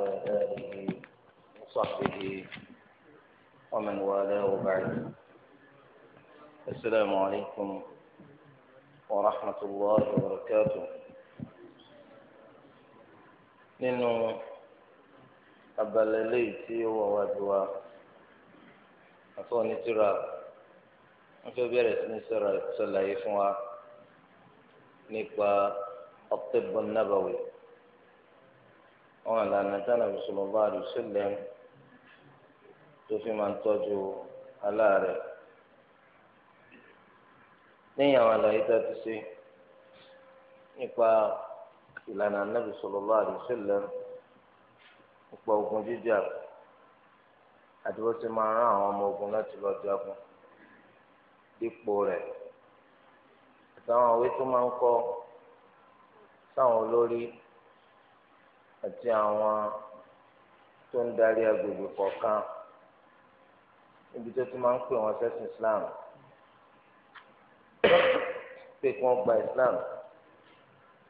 وعلى آله وصحبه ومن والاه بعد السلام عليكم ورحمة الله وبركاته لأنه أبل في ووادوا أطوني ترى في بيرس نسر سلايفوا نقوى الطب النبوي àwọn ìlànà tánà sallallahu alaihi wasallam tó fi máa ń tọ́jú aláàárẹ̀ lẹ́yìn àwọn àlàyé tó ti ṣe nípa ìlànà anábì sallallahu alaihi wasallam nípa ogun jíjà àti bó ti máa rán àwọn ọmọ ogun láti lọ jagun dípò rẹ̀ àtàwọn òwe tó máa ń kọ́ sáwọn olórí. àti àwọn tó ń darí agbègbè kọ̀ọ̀kan níbi tó ti máa ń pè wọ́n sẹ́sìn Islam pé kí wọ́n gba Islam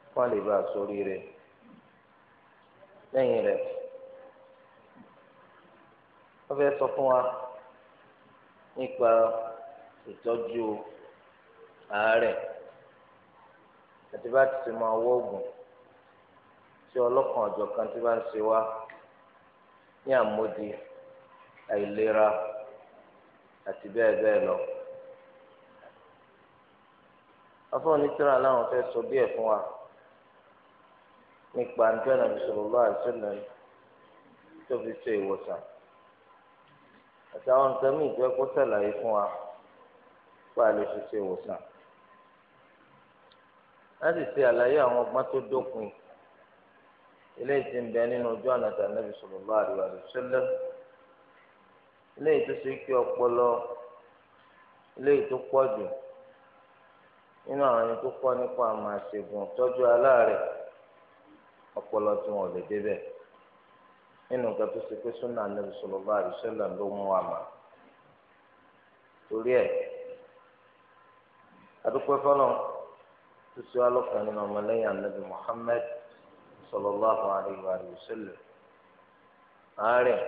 kí wọ́n lè bá a sórí rẹ̀ lẹ́yìn rẹ̀ wọ́n fẹ́ sọ fún wa nípa ìtọ́jú àárẹ̀ àti bá ti ti máa wọ́ tí ọlọ́kan ọ̀jọ̀ kan ti bá ń ṣe wá ní àmódi àìlera àti bẹ́ẹ̀ bẹ́ẹ̀ lọ. afọ́ onítìrà láwọn fún wa nípa níjọ́ náà sallallahu tó fi ṣe ìwòsàn àtàwọn nǹkan míì tó sàlàyé fún wa pa lè fi ṣe ìwòsàn láti ṣe àlàyé àwọn ọgbọ́n eléyìí ti ń bẹ nínú ojú ọ̀nà tí Ànábì sallallahu alaihi wasallam eléyìí tó ṣe kí ọpọlọ eléyìí tó pọ̀ jù nínú àwọn ẹni tó kọ́ nípa tọ́jú ọpọlọ tí wọn lè débẹ̀ nínú nǹkan tó ṣe pé súnà Ànábì sallallahu ló mú àmà torí ẹ̀ adúpẹ́ fọlọ́n tó sallallahu alaihi wa sallam àárẹ̀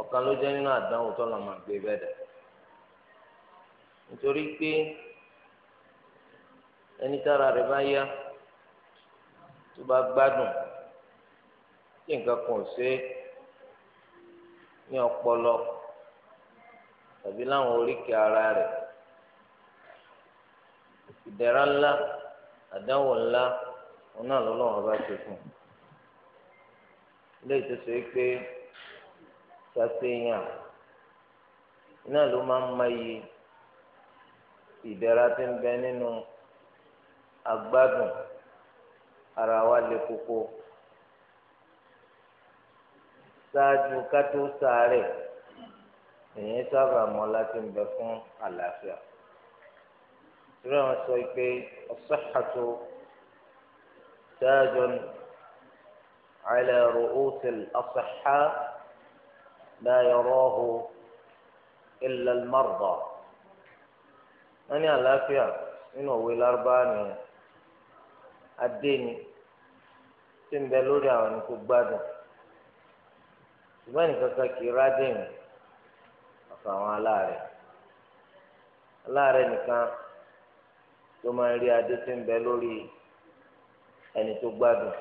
ọ̀kan ló jẹ nínú àdánwò tó lọ́ọ́ máa gbé bẹ́ẹ̀ dà nítorí pé ẹni tára rẹ̀ bá yá tó bá gbádùn tí nǹkan kan ò ṣe ní ọpọlọ tàbí láwọn oríkèé ara rẹ ìdẹ̀ra ńlá àdánwò ńlá. òun náà lọ́lọ́wọ́ bá ṣe fún un ilé ìtòsọ yìí pé ṣàṣeyàn náà ló máa ń mayì ìdẹ̀ra tí ń bẹ nínú agbádùn ara wa lè koko ṣáájú ká tó sàárẹ̀ èyí sábà mọ́ láti ń bẹ fún àlàáfíà. ìrọ̀ wọn sọ pé ọ̀sán àtò. تاج على رؤوس الأصحاء لا يراه إلا المرضى أنا على فيها إنه ويلارباني الدين tí ń bẹ lórí àwọn ẹni tó gbádùn ṣùgbọ́n nìkan kan kì í rádìn ọ̀fọ̀ àwọn aláàrẹ̀ aláàrẹ̀ nìkan tó máa ń rí adé tí ń bẹ lórí ẹni tó gbádùn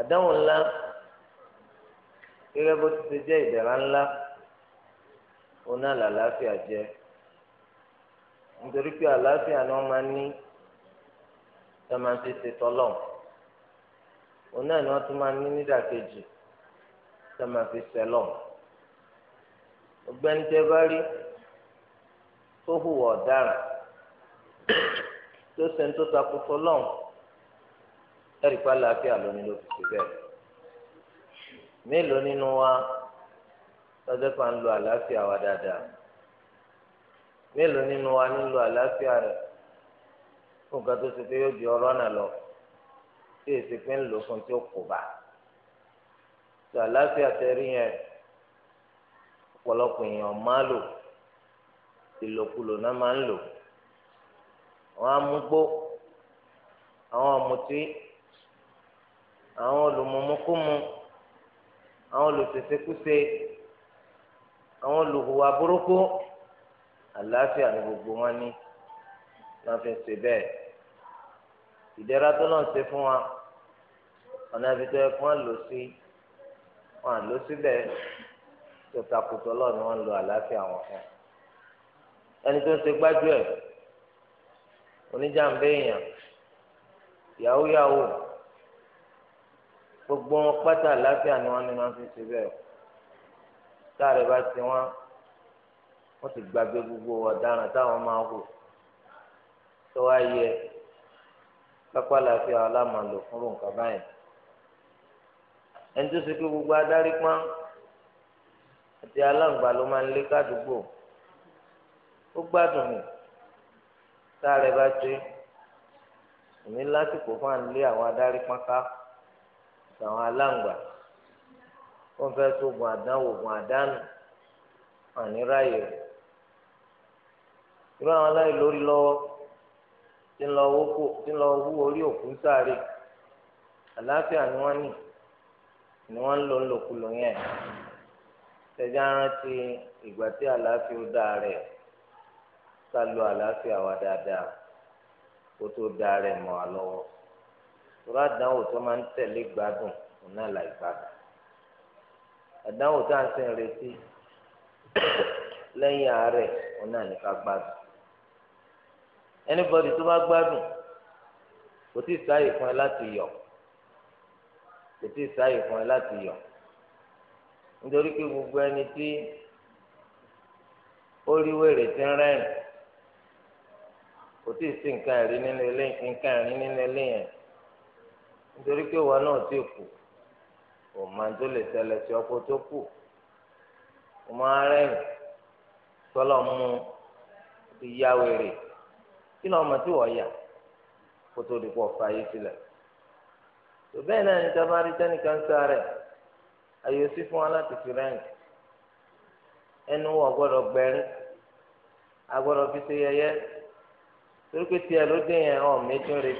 àdánwò ńlá gẹ́gẹ́ bó ti ṣe jẹ́ ìdẹ̀ra ńlá òun náà làlàáfíà jẹ nítorí pé ni máa ń ní ẹ máa ń ṣe ni wọ́n tún máa ń ní nídàkejì ẹ máa fi ṣẹlọ̀ ọgbẹ́ni tẹ́ bá rí tó hùwà ẹ̀rí pa àlàáfíà lónìí ló fi ṣe bẹ́ẹ̀ mélòó nínú wa lọ́jọ́ kan ń lo àlàáfíà wa dáadáa mélòó nínú wa ń lo àlàáfíà rẹ̀ fún nǹkan tó ṣe pé yóò di ọ̀rọ̀ náà lọ tí èsì pé ń lò fún tí ó kù bá tó àlàáfíà tẹ̀rí yẹn ọ̀pọ̀lọpọ̀ èèyàn máa lò ìlòkulò náà máa ń lò wọ́n á mú gbó àwọn ọ̀mùtí àwọn olùmọ̀mọ́kúmu àwọn olùṣèṣekúṣe àwọn olùhùwà burúkú àlàáfíà ni gbogbo wọn ní wọn fi ń ṣe bẹ́ẹ̀ ìdẹ̀ra tó lọ́n ṣe fún wa ọ̀nà ìbítọ́ ẹ̀ fún wa lò sí wọn lò síbẹ̀ tó takùtọ̀ lọ́ọ̀ ni wọ́n lo àlàáfíà wọn fún ẹni tó ń ṣe gbájú ẹ̀ oníjàmbá èèyàn yàwó yàwó gbogbo wọn pátá àlàáfíà ni wọn ní wọn fi ṣe bẹ́ẹ̀ táàrẹ bá ti wọn wọn ti gbàgbé gbogbo ọ̀daràn táwọn máa hù tó wá yẹ pápá àlàáfíà aláàmàlò fúnrú nǹkan báyìí ẹni tó ṣe pé gbogbo adarí pọ́n àti aláǹgbá ló máa ń lé kádùúgbò ó gbádùn mi táàrẹ bá ṣe èmi lásìkò fún à ń lé àwọn adarí pọ́n ká àtàwọn aláǹgbà wọn fẹẹ sógun àdánwò ògùn àdánù àní ráyè irú àwọn aláìlórí lọ́wọ́ tí ń lọ wú orí òkú sáré àlàáfíà ni wọ́n ní ni wọ́n ń lò ń lòkulò yẹn tẹjá rántí ìgbà tí àlàáfíà ó dáa rẹ̀ ká lo àlàáfíà wa dáadáa kó tó dáa rẹ̀ mọ́ wa lọ́wọ́ tọ́lá àdánwò tó máa ń tẹ̀lé gbádùn ọ̀nà àlàìgbádùn àdánwò tá à ń sìn retí lẹ́yìn àárẹ̀ ọ̀nà àníká gbádùn anybody tó bá gbádùn kò tí ì sáàyè fún ẹ láti yọ̀ kò tí ì sáàyè fún ẹ láti yọ̀ nítorí pé gbogbo ẹni tí ó rí wèrè tí ń rẹ́rìn kò tí ì sí nǹkan ẹ̀rí nínú ilé nǹkan ẹ̀rín nínú ilé yẹn nítorí pé wọn náà ti kù òun máa tó lè tẹlẹ sí ọkọ tó kù máa mú ti yá wèrè kí ni ọmọ tí wọ́n yà kó tó di pọ̀ fàyè sílẹ̀ tó bẹ́ẹ̀ náà ní tábàárí tẹ́nìkan sáré àyè sí fún wa láti fi ẹnu gbọ́dọ̀ agbọ́dọ̀ fi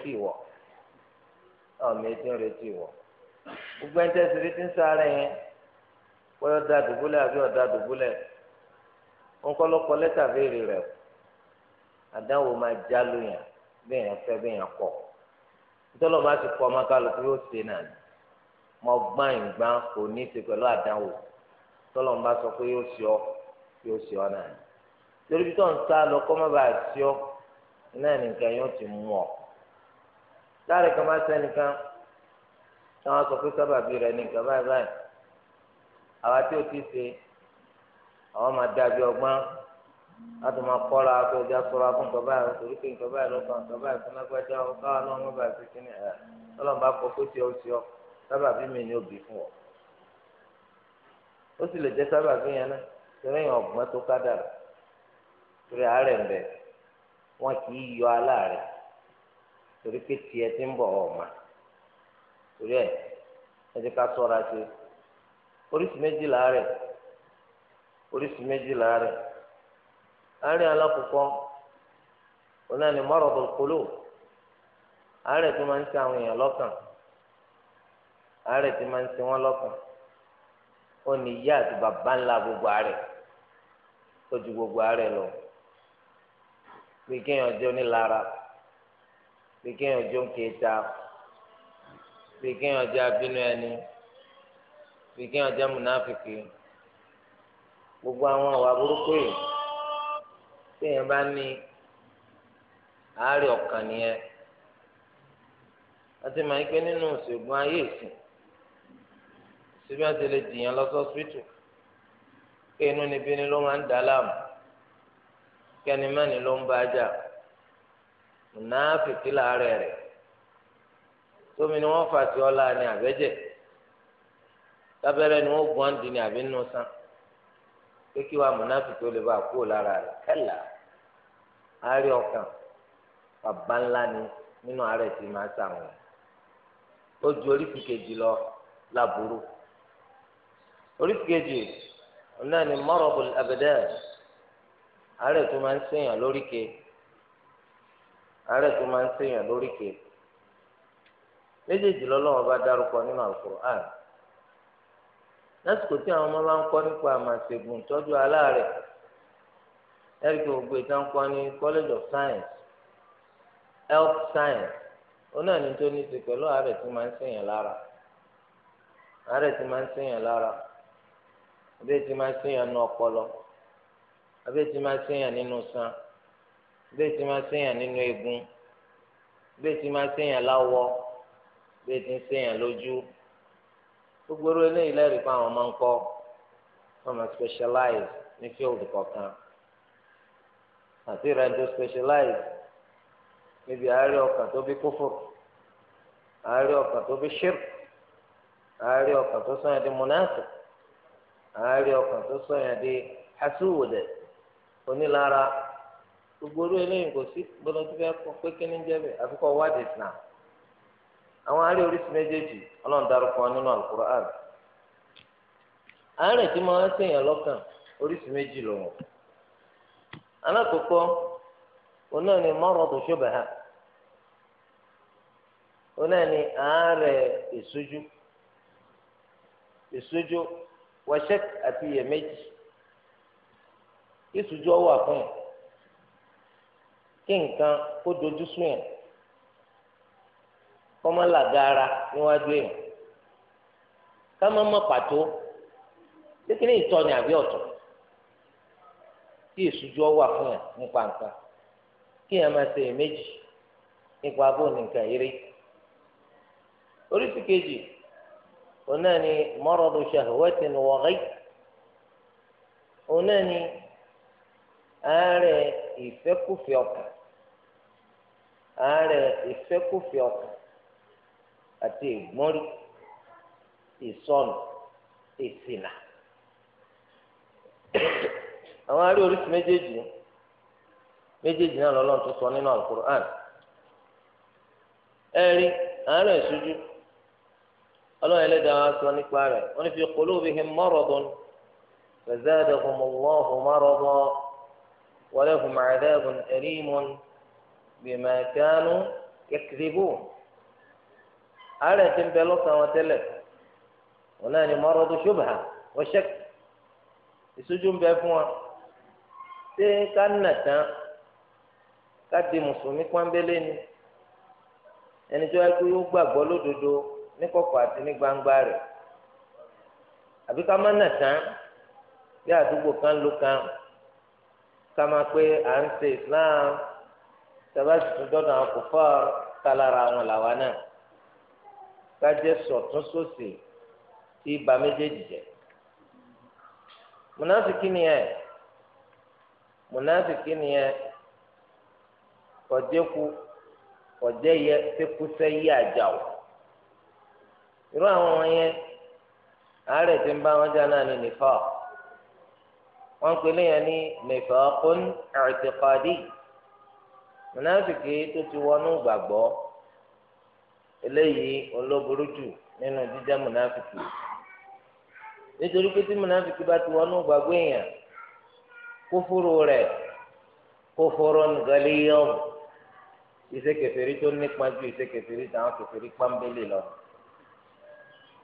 ṣe àmì etí ń retí wọ gbogbo ẹni tẹsí retí ń sáré yẹn wọ́n da dùbúlẹ̀ àbí ọ̀dà dùbúlẹ̀ wọ́n kọ́ lọ́kọ́ lẹ́tà béèrè rẹ̀ àdáwò máa já lóyún bẹ́ẹ̀ yẹn fẹ́ bẹ́ẹ̀ yẹn kọ́ nítorí ọba ti kọ́ ọmọ kálukú yóò ṣe náà ni mo gbá ìgbà kò ní í ṣe pẹ̀lú àdáwò nítorí ọba sọ pé yóò ṣe ọ yóò ṣe ọ náà ni torí bí tó ń sá lọ kọ́ mọ́ bá ṣe ọ náà nìkan yóò ti mú ọ láàrin kan bá sẹ́nìkan táwọn sọ pé sábàbí rẹ̀ ní nǹkan báyìí báyìí àwa tí ó ti ṣe àwọn máa dàbí ọgbọ́n láti máa kọ́ra pé ọjà sọ̀rọ̀ fún nǹkan báyìí torí pé nǹkan báyìí ló kàn nǹkan báyìí fún lágbájá káwọn náà wọ́n bá ti kíni ẹ̀ ọlọ́run bá kọ pé tí ó ti ọ sábàbí mi ni ó bì fún ọ ó sì lè jẹ́ sábàbí yẹn náà torí yẹn ọgbọ́n tó kádàrà torí àárẹ̀ ń bẹ wọn kì í yọ aláàrẹ̀ torí pé tiẹ̀ ti ń bọ̀ ọ̀ma torí ẹ̀ ẹ ti ká sọ́ra sí oríṣi méjìlá rẹ̀ oríṣi méjìlá rẹ̀ àárẹ̀ alákòókò ọ̀nà ni maradul àárẹ̀ tó máa ń àwọn èèyàn lọ́kàn àárẹ̀ tó máa ń wọ́n lọ́kàn ó ní ìyá àti bàbá ńlá gbogbo àárẹ̀ tó ju gbogbo àárẹ̀ lọ pé kéèyàn jẹ́ bí kéèyàn jó ń kéta bí kéèyàn jẹ́ abínú ẹni bí kéèyàn jẹ́ múnáfìkì gbogbo àwọn àwa burúkú yìí téèyàn bá ní àárẹ̀ ọkàn nìyẹn àti màá yí pé nínú ìṣègùn ayé ìsìn síbi àti lè dìyàn lọ pé inú níbi ni ló máa ń dà láàmú kẹ́ni mẹ́ni ló ń bá jà mùnáfìkì láàárẹ̀ rẹ̀ tómi ni wọ́n fà sí ọlá ni àbẹ́jẹ̀ tábẹ́rẹ́ ni wọ́n gbọ́n di ni àbí nù sàn pé kí wàá mùnáfìkì ó lè bá kúrò lára rẹ̀ kẹ́là àárẹ̀ ọkàn bàbá ńlá ni nínú àárẹ̀ tí máa sàwọn ó ju oríṣi kejì lọ láburú oríṣi kejì náà ni mọ́rọ̀bù abẹ́dẹ́ àárẹ̀ tó máa ń ṣèyàn lóríkèé. àárẹ̀ tó máa ń ṣèyàn lóríkèé méjèèjì lọ́lọ́wọ́ bá dárúkọ nínú Al-Qur'an lásìkò tí àwọn ọmọ bá ń kọ́ nípa àmàṣègùn tọ́jú aláàrẹ̀ ẹ̀ríkì ògbé tá ń kọ́ ní college of science health science onáà ní tó ní ti pẹ̀lú àárẹ̀ tí máa ń ṣèyàn lára àárẹ̀ tí máa ń lára máa ń ọpọlọ máa ń nínú bẹ́ẹ̀ tí máa ṣèyàn nínú eegun bẹ́ẹ̀ tí máa ṣèyàn láwọ̀ bẹ́ẹ̀ tí ń ṣèyàn lójú gbogbo eré eléyìí lẹ́rìí pé àwọn máa ń kọ́ wọ́n máa specialize ní field kọ̀ọ̀kan àti ìrìn tó specialize níbi àárẹ̀ ọkàn tó bí kófò àárẹ̀ ọkàn tó bí ṣírk àárẹ̀ ọkàn tó sọ̀yàn di mùnáfì àárẹ̀ ọkàn tó sọ̀yàn di onílára. gbogbo eléyìí kò sí gbọdọ tó njem kọ pé kí ni àfikọ wádìí sinà àwọn arí oríṣi méjèèjì Ọlọ́run darúkọ nínú Al-Qur'an àárẹ̀ tí máa sèyàn lọ́kàn oríṣi méjì lòun alákòókò oná ni maradu shubha oná ni àárẹ̀ ìṣojú ìṣojú wàṣẹk àti iyèméjì ìṣojú àfọyín. kí nǹkan kó dojú sùn yẹn kó má làgàra níwájú yẹn ká má mọ pàtó kékeré ìtọ́ ni àbí ọ̀tọ̀ kí ìṣújú wà fún yẹn nípa nǹkan kí yẹn máa ṣe èméjì nípa abó nìkan eré oríṣi kejì òun náà ni maradu òun náà ni àárẹ̀ ìfẹ́kùfẹ́ ọkàn àti ìgbọ́nrí ìsọnù ìsìnà àwọn arí orísun méjèèjì méjèèjì náà lọ́lọ́run tó sọ nínú Al-Qur'an ẹ̀rí àárẹ̀ ìṣojú ọlọ́run ẹlẹ́dàá wa sọ nípa rẹ̀ wọ́n ní fi qulubihim maradun fazadahumullahu maradan wa lahum adhabun alimun. bima kanu yakdhibun àárẹ̀ ti ń bẹ lọ́kàn wọn tẹ́lẹ̀ wọn náà ni maradu shubha wa shak ìṣújú ń bẹ fún wa ṣé ká nà tán ká di mùsùlùmí pọ́nbélé ni ẹni tó yẹ kó yóò gbàgbọ́ lódodo ní kọ̀kọ̀ àti ní gbangba rẹ̀ àbí ká má nà tán bí àdúgbò kan ló kan ká máa pé à ń ṣe Islam tabasi tún dọ́dọ̀ àwọn kò fọ́ kálára wọn làwa náà kájẹ́ sọ̀tún sósì tí ba méjèèjì jẹ́ mùnàfíkì ni ẹ mùnàfíkì ni ẹ kọjẹ́ku kọjẹ́ yẹ sẹ́kúsẹ́ yí àjà irú àwọn wọn yẹn àárẹ̀ tí ń bá wọn jà náà ní nìfọ́ wọn pè léyìn ní nìfọ́ kún ẹ̀rẹ̀tẹ̀kọ́dì mùnàfíkì tó ti wọnú gbàgbọ́ eléyìí olóburú jù nínú jíjẹ́ mùnàfíkì nítorí pé tí mùnàfíkì bá ti wọnú gbàgbọ́ èèyàn kófóró rẹ̀ kófóró nìgalíyàn ìṣe kèfèrí tó nípa ju ìṣe kèfèrí táwọn kèfèrí pàmbélé lọ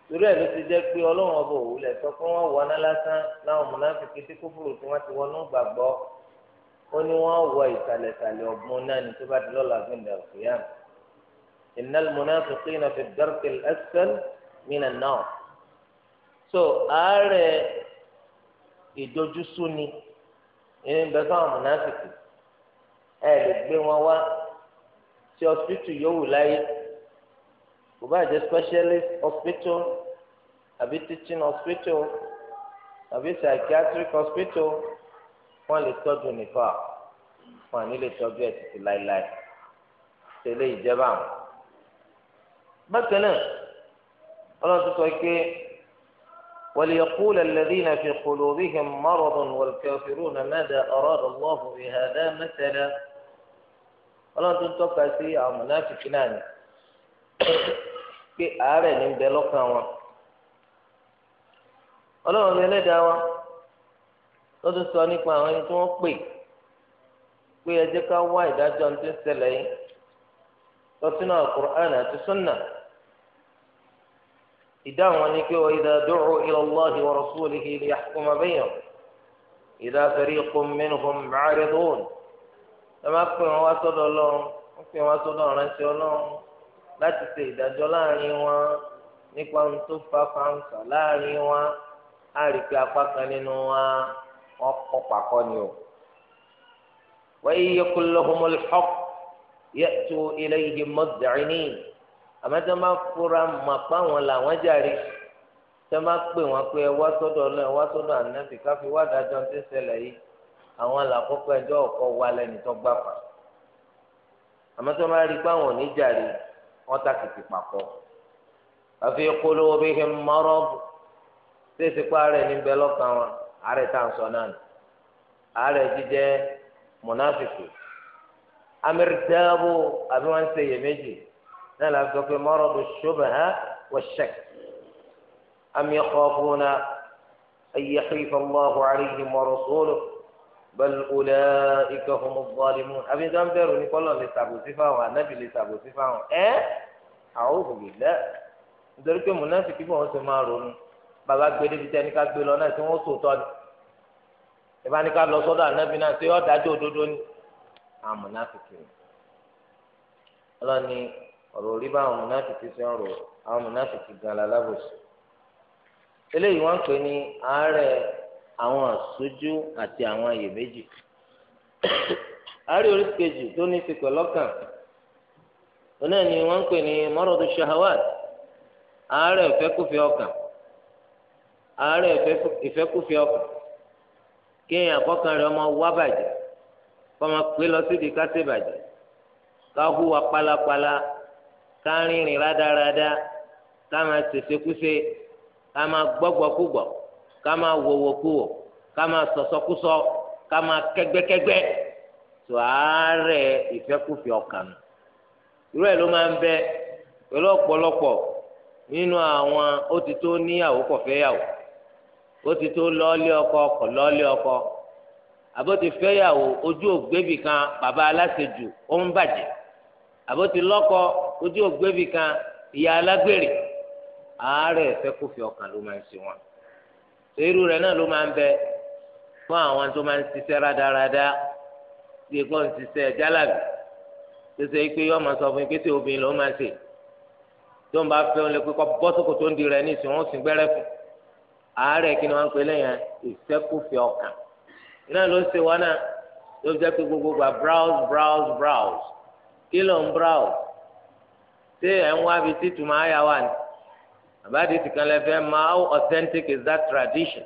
torí ẹ̀ ló ti jẹ́ pé ọlọ́run ọba òwúlẹ̀ sọ pé wọ́n wọná lásán láwọn mùnàfíkì tí kófóró tí wọ́n ti wọnú gbàgbọ́ wọ́n ní wọ́n wọ ìsàlẹ̀sàlẹ̀ ọ̀gbun náà ní tó bá di lọ́la gbẹ̀ndà òkèèyàn innal munafiqina fi ad-darki al-asfal min an so àárẹ̀ ìdójúsúni ẹni bẹ fáwọn mùnáfìkì ẹ lè gbé wọn wá sí ọsibítù yòówù láyé kò bá jẹ́ specialist hospital àbí teaching hospital àbí psychiatric hospital wọ́n lè tọ́jú nìfà wọ́n ní lè tọ́jú ẹ̀ títí láéláé tẹ̀lé ìjẹba àwọn. bákan náà ọlọ́run sọ pé وليقول الذين في قلوبهم مرض والكافرون ماذا أراد الله بهذا مثلا ọlọ́run tó ń tọ́ka sí àwọn mọ̀náfíkì ni pé àárẹ̀ ní bẹ lọ́kàn wọn ọlọ́run lẹ́lẹ́dàá wọn ó tún sọ nípa àwọn ẹni tí wọ́n pè pé ẹ jẹ́ ká wá ìdájọ́ ní tó ń ṣẹlẹ̀ yìí lọ sínú Al-Qur'an àti Sunnah ìdáhùn wọn ni pé wa idha du'u ila Allahi wa rasulihi li yahkuma baynahum idha fariqun minhum 'aridun ẹ má pè wọn wá sọ́dọ̀ Ọlọ́run wọ́n pè wọn sọ́dọ̀ ọ̀rẹ́sẹ̀ Ọlọ́run láti ṣe ìdájọ́ láàrin wọn nípa ohun tó fa fáńsà láàrin wọn á rí pé apá kan nínú wọn wọn kọ pàkọ ni o wa yakul lahumul haqq ya'tu ilayhi mud'inin àmọ́ tí wọ́n bá fura mà pa wọn làwọn jàre tí wọ́n bá pè wọ́n pé ẹ wá sọ́dọ̀ ọlọ́run ẹ wá sọ́dọ̀ ànábì káfí wá dájọ́ ti ṣẹlẹ̀ yìí àwọn làkọ́kọ́ ẹjọ́ ọ̀kọ́ wa lẹ́ni tó gbà pa àmọ́ tí rí i pé àwọn wọ́n ta kìkì pàpọ̀ àfi qulubihim marad ṣé ìsìnkú ara ẹni bẹ lọ́kàn wọn àárẹ̀ tá à ń sọ náà nù àárẹ̀ jíjẹ́ mùnáfíkù amẹ́rìndínláàbò àbí wọ́n ń ṣe iyèméjì náà la sọ pé mọ́rọ̀dù ṣubha wa shakk am yakhafuna an yahifa Allahu alayhim wa rasuluhu bal ulaika humu zalimun àbí tó ń ní kọ́lọ̀ lè ṣàbòsí fáwọn ànábì lè ṣàbòsí fáwọn ẹ́ a'udhu billah nítorí pé mùnáfíkù bí wọ́n ti máa ronú bàbá gbé débi tẹ ní ká gbé lọ náà tí wọ́n sò tọ́ ni ìbá ní ká lọ sọ́dọ̀ ànábì náà tí yọ̀ọ́ dájú òdodo ni àmùnáfìkì ni ọlọ́ni ọ̀rọ̀ orí bá àwọn mùnáfìkì sí ọ̀rọ̀ àwọn mùnáfìkì gan alábòsí eléyìí wọ́n ń pè ní àárẹ̀ àwọn àsojú àti àwọn àyèméjì àárẹ̀ oríṣìkejì tó ní ti pẹ̀lú onáà ni wọ́n pè ní mọ́rọ̀dù shahawat àárẹ̀ òfẹ́kùfẹ́ ọkàn àárẹ̀ ìfẹ́kùfẹ́ ọkàn kéèyàn àkọ́kàn rẹ̀ ọmọ wá bàjẹ́ kọ́mọ pé lọ sí di kásẹ̀ bàjẹ́ ká hùwà pálapàla ká rìnrìn rádaràda ká máa ṣèṣekúṣe ká máa gbọ́gbọ́kúgbọ̀ ká máa wòwòkúwò ká máa sọ̀sọ́kúsọ ká máa kẹ́gbẹ́kẹ́gbẹ́ tó àárẹ̀ ìfẹ́kùfẹ́ ọkàn nù irú ẹ̀ ló máa ń bẹ pẹ̀lú ọ̀pọ̀lọpọ̀ nínú àwọn ó ti tó níyàwó kọ̀fẹ́yàwó ó ti tó lọ́ọ́lé ọkọ kọ̀ lọ́ọ́lé ọkọ àbó ti fẹ́yàwó ojú ògbébì kan bàbá aláṣejù ó ń bàjẹ́ àbó ti lọ́kọ ojú ògbébì kan ìyá alágbèrè àárẹ̀ fẹ́ kó fi ọkàn ló máa ń ṣe wọn tó irú rẹ̀ náà ló máa ń bẹ fún àwọn tó máa ń ṣiṣẹ́ rádaràda bí egbò ń ṣiṣẹ́ jálàbì tó ṣe yọ ọmọ sọ fún pé obìnrin ló máa ṣe tó ń bá fẹ́ òun lè pé kọ́ bọ́sọ̀kò ń di rẹ̀ ní ìsìn wọn ò sì gbẹ́rẹ́ fún un àárẹ̀ kí ni wọ́n ń pè lẹ́yìn ìfẹ́kùfẹ́ ọkàn iná ló ń ṣe wọn náà ló jẹ́ pé gbogbo gba browse browse browse kí ló ń browse ṣé ẹ̀ ń wá bi títù máa yà wá ni àbáde ti kan lẹ́fẹ́ máa how authentic is that tradition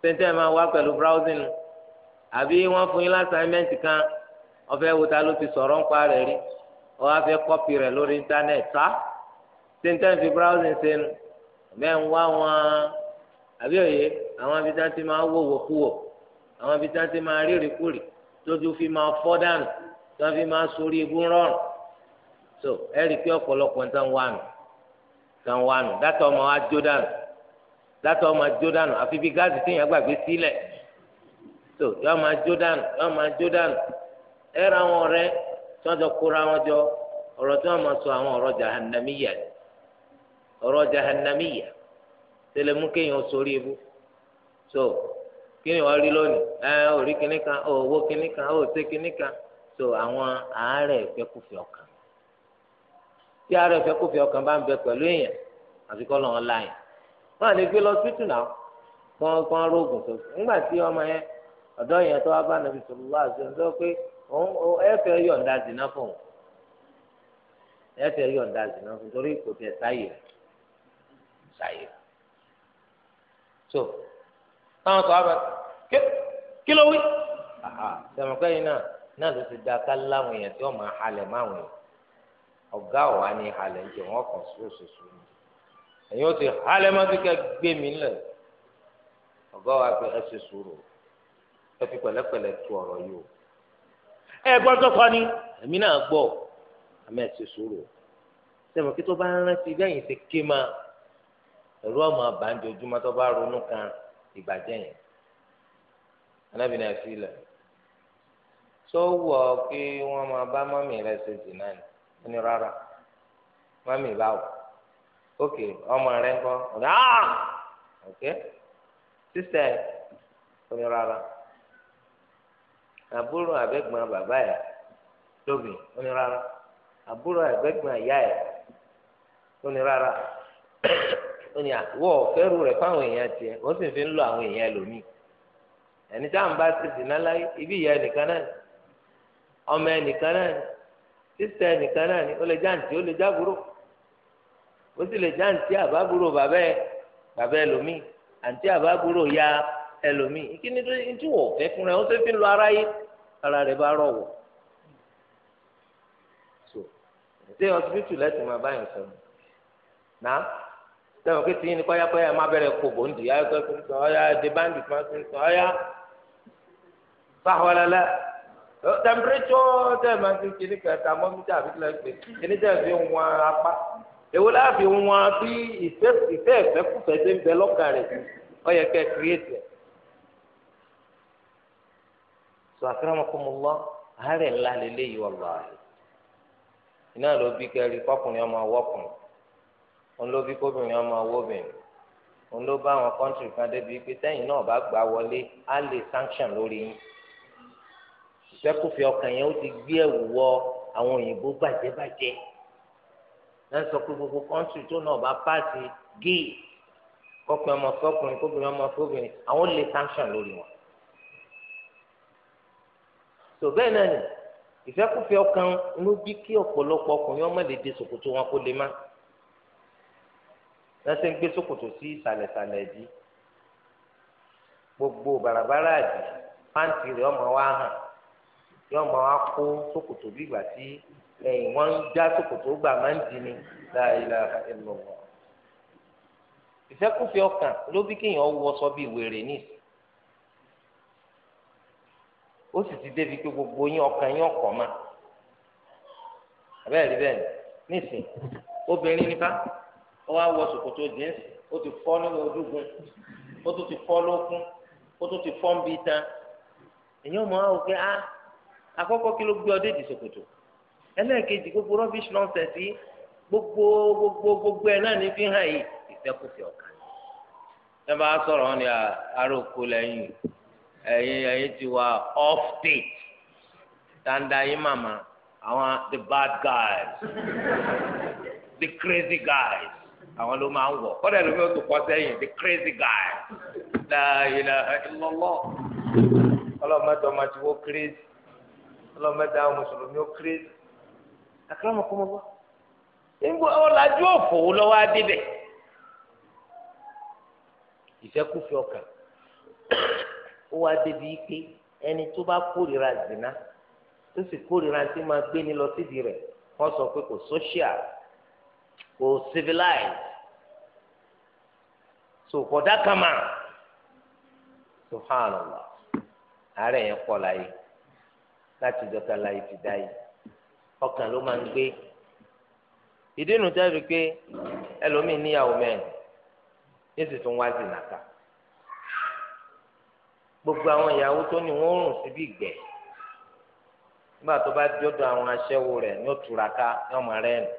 ṣẹ́ńtẹ́ máa wá pẹ̀lú browsing nu àbí wọ́n fún yín lásàmẹ́ǹt kan ọ̀fẹ́ wo ta ló ti sọ̀rọ̀ ńpa rẹ̀ rí ọ̀ wá fẹ́ kọ́pì rẹ̀ lórí íńtánẹ̀tì sá ṣẹ́ńtẹ́ fi browsing ṣe nu ọ̀bẹ́ ń wá wọn àbí òye àwọn abidá ti máa wòwò kúwò àwọn abidá ti máa rírì kúrì tójú fi máa fọ́ dànù tó fi máa sórí igun rọrùn so ẹ rí i pé ọ̀pọ̀lọpọ̀ ń tán wà nù tán wà nù dátọ̀ ọmọ wa jó dànù dátọ̀ ọmọ jó dànù àfi bí gáàsì tí èèyàn gbàgbé sílẹ̀ so yọ máa jó dànù yọ máa jó dànù ẹ ra àwọn ọ̀rẹ́ tí wọ́n jọ kóra wọn jọ ọ̀rọ̀ tí wọ́n máa sọ àwọn ọ̀rọ̀ jahannamiya ọ̀rọ̀ jahannamiya. tẹ́lẹ̀ mú kéèyàn sórí ibú so kíni wàá rí lónìí ẹ ò rí kíní kan ò wó kíní kan so àwọn àárẹ̀ ìfẹ́kùfẹ́ ọkàn tí àárẹ̀ ìfẹ́kùfẹ́ ọkàn bá ń bẹ pẹ̀lú èèyàn àti kọ́ lọ́wọ́ láàyè wọ́n àlè gbé lọ síìtù náà kán kán rógùn tó nígbà tí ọmọ yẹn ọ̀dọ́ yẹn tó wá bá nàbí sọ̀rọ̀ wá àti ọ̀dọ́ pé ẹ fẹ́ yọ̀ǹda so táwọn sọ abẹ ké kí ló wí sẹmọkẹ yìí náà náà ló ti da ká láwọn èèyàn tí wọn máa halẹ̀ máwọn èèyàn ọgá ọwà ni halẹ̀ ń jẹ wọn kàn sí òṣèṣù ni ẹ̀yin ó ti halẹ̀ má ti kẹ gbé mi lẹ̀ ọgá ọwà pé ẹ ṣe sùúrù ẹ fi pẹ̀lẹ́pẹ̀lẹ́ tu ọ̀rọ̀ yìí o ẹ gbọ́dọ̀ kọ ni èmi náà gbọ́ àmì ẹ ṣe sùúrù sẹmọkẹ tó bá ń rántí bẹ́ẹ̀ yìí ti ké máa ẹ̀rú ọmọ àbájọ ojúmọ́ tó bá ronú kan ìbàjẹ́ yẹn anábìnrin àti ilẹ̀ tó wọ̀ kí wọ́n máa bá mọ́mì rẹ̀ ṣe jìnnà ni wọ́n ní rárá mọ́mì báwò ókè ọmọ rẹ̀ ń kọ́ ọ̀dà ọ̀kẹ́ sísẹ̀ wọ́n ní rárá àbúrò àbẹ́gbọ́n bàbá ẹ̀ lómi wọ́n ní rárá àbúrò àbẹ́gbọ́n ìyá ẹ̀ wọ́n ní rárá ó ní àwọ ọ̀fẹ́rù rẹ̀ fáwọn èèyàn tiẹ̀ ó sì fi ń lo àwọn èèyàn lómi ẹni tá à ń bá ti dìná láyé ibi ìyá ẹnìkan náà ọmọ ẹnìkan náà sísẹ ẹnìkan náà ni ó lè jáǹtì ó lè jábúrò ó sì lè jáǹtì àbábúrò bàbá ẹ bàbá ẹlòmíì àǹtí àbábúrò ya ẹlòmíì ìkíni tó ń tí wọ́n fẹ́ fúnra ẹ̀ ó sì fi ń lo aráyé ara rẹ̀ bá rọ̀ wọ̀ ṣé ọsibítù lẹ́sìn máa báyìí sọ̀rọ̀ náà sẹ́wọ̀n kí tiyín ni kọ́yákọ́yá má bẹ̀rẹ̀ kó bòńdì ayọ́kọ́ tó ń sọ ọ́yá ẹ̀dẹ̀ báńdì tó ń sọ ọ́yá fáwọlẹ́lẹ́ tẹ̀mpérétsọ́ tẹ̀ máa ti kiri kẹta mọ́mítà àbí kílẹ̀ pé kíní tẹ̀ fi ń wọn apá èwo láà fi ń wọn bí ìfẹ́ ìfẹ́ ìfẹ́ kúfẹ́ tó ń bẹ lọ́kàn rẹ̀ ọ̀yẹ kẹ́ kírètì sọ akramakumullah àárẹ̀ ńlá lélẹ́yìí wàlúwàlú òun ló bí kóbìnrin ọmọ owó bìnrin òun ló bá àwọn kọ́ńtì kan débi pé sẹ́yìn náà bá gbà wọlé á lè sanction lórí yín ìfẹ́kùfì ọkàn yẹn ó ti gbé ẹ̀wù wọ àwọn òyìnbó bàjẹ́bàjẹ́ lẹ́yìn sọ pé gbogbo kọ́ńtì tó náà bá pàṣẹ géè kọ́pẹ́ ọmọ sọ́kùnrin kóbìnrin ọmọ sóbìnrin àwọn lè sanction lórí wọn. tó bẹ́ẹ̀ náà ni ìfẹ́kùfì ọkàn ló bí kí ọ̀pọ̀lọpọ̀ ọkùnrin ọmọ lè dé ṣòkòtò wọn kó lè má lọ́sẹ̀ ń gbé sókòtò sí ìsàlẹ̀sàlẹ̀ ẹ̀dí gbogbo bàràbàrà ẹ̀dí pàǹtì rẹ̀ ọmọ wa hàn yọ ọmọ wa kó sókòtò bí ìgbà tí ẹ̀yìn wọn ń já sókòtò gbà máa ń di ni láìláà ẹ̀ lọ́wọ́ ìfẹ́kùfẹ́ ọkàn ló bí kéèyàn wọṣọ bíi wèrè ní ìsìn ó sì ti débi pé gbogbo yín ọkàn yín ọkọ̀ ma abẹ́rẹ́ bẹ́ẹ̀ ní ìsìn obìnrin nípa ó wá wọ ṣòkòtò jíǹsì ó ti fọ́ nínú ojúgun ó tún ti fọ́ lókun ó tún ti fọ́ ń bi tán èyí ò mọ àwọn òkè á àkọ́kọ́ kí ló gbé ọdẹ ìdì ṣòkòtò ẹlẹ́ẹ̀kejì gbogbo rubbish nonsense yìí gbogbo gbogbo gbogbo ẹ̀ náà ní fi hàn yìí ìfẹ́kùfẹ́ ọ̀kan ẹ bá sọ̀rọ̀ wọn ni ah, aróko lẹ́yìn ẹ̀yin ẹ̀yin ti wà off date danda yín màmá àwọn the bad guys the crazy guys àwọn ló máa ń wọ̀ kọ́dà ló fi tó kọ́ sẹ́yìn the crazy guy la ọlọ́mọdé ọmọ tí wọ́n crazy ọlọ́mọdé àwọn mùsùlùmí ó crazy kọ́ mọ́ bọ́ ọ̀làjú òfò lọ́wọ́ adébẹ̀ ìfẹ́kùfẹ́ ó wá ẹni tó bá zina sì tí máa gbé kò civilized so kọ̀dá kama subhanallah àárẹ̀ yẹn pọ̀ láyé láti dọ́ta láyé ti dá yìí ọkàn ló máa ń gbé ìdí nu tẹ́ fi pé ẹlòmíì níyàwó mẹ́rin ní sì tún wá sí nàka gbogbo àwọn ìyàwó tó ní wọ́n rùn síbi ìgbẹ́ nígbà tó bá dọ́dọ̀ àwọn aṣẹ́wó rẹ̀ ní òtúraka ní ọmọ rẹ̀ nù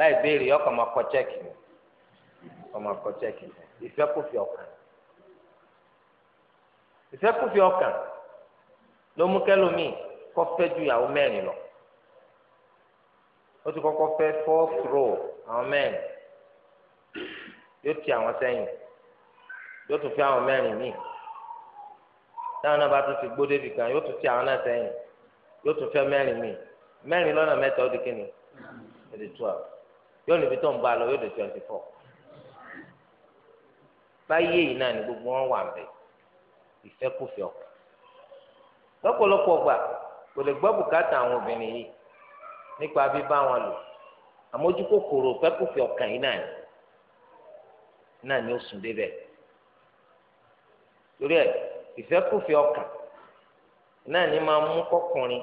láì béèrè ọkàn máa kọ chẹ́ẹ̀kì ni ọkàn máa kọ chẹ́ẹ̀kì ni ìfẹ́kùfì ọkàn ìfẹ́kùfì ọkàn ló mú kẹ́lòmíì kọ́ fẹ́ ju ìyàwó mẹ́rin lọ ó ti kọ́kọ́ fẹ́ fọ́ọ̀sì rò àwọn mẹ́rin yóò ti àwọn sẹ́yìn yóò tún fi àwọn mẹ́rin míì táwọn náà bá tún ti gbó débi kan yóò tún ti àwọn náà sẹ́yìn yóò tún fẹ́ mẹ́rin míì mẹ́rin lọ́nà mẹ́ta ó di kíni ó di twelve. yóò níbi tó ń bá a lọ yóò dé twenty four báyé yìí náà ni gbogbo wọn wà mbẹ ìfẹ́kùfẹ́ ọkọ gbà kò lè gbọ́ bùkátà àwọn obìnrin yìí nípa bíbá wọn lò àmójúkòkòrò ọkàn yìí náà náà ni ó sùn ọkàn náà ni máa mú kọkùnrin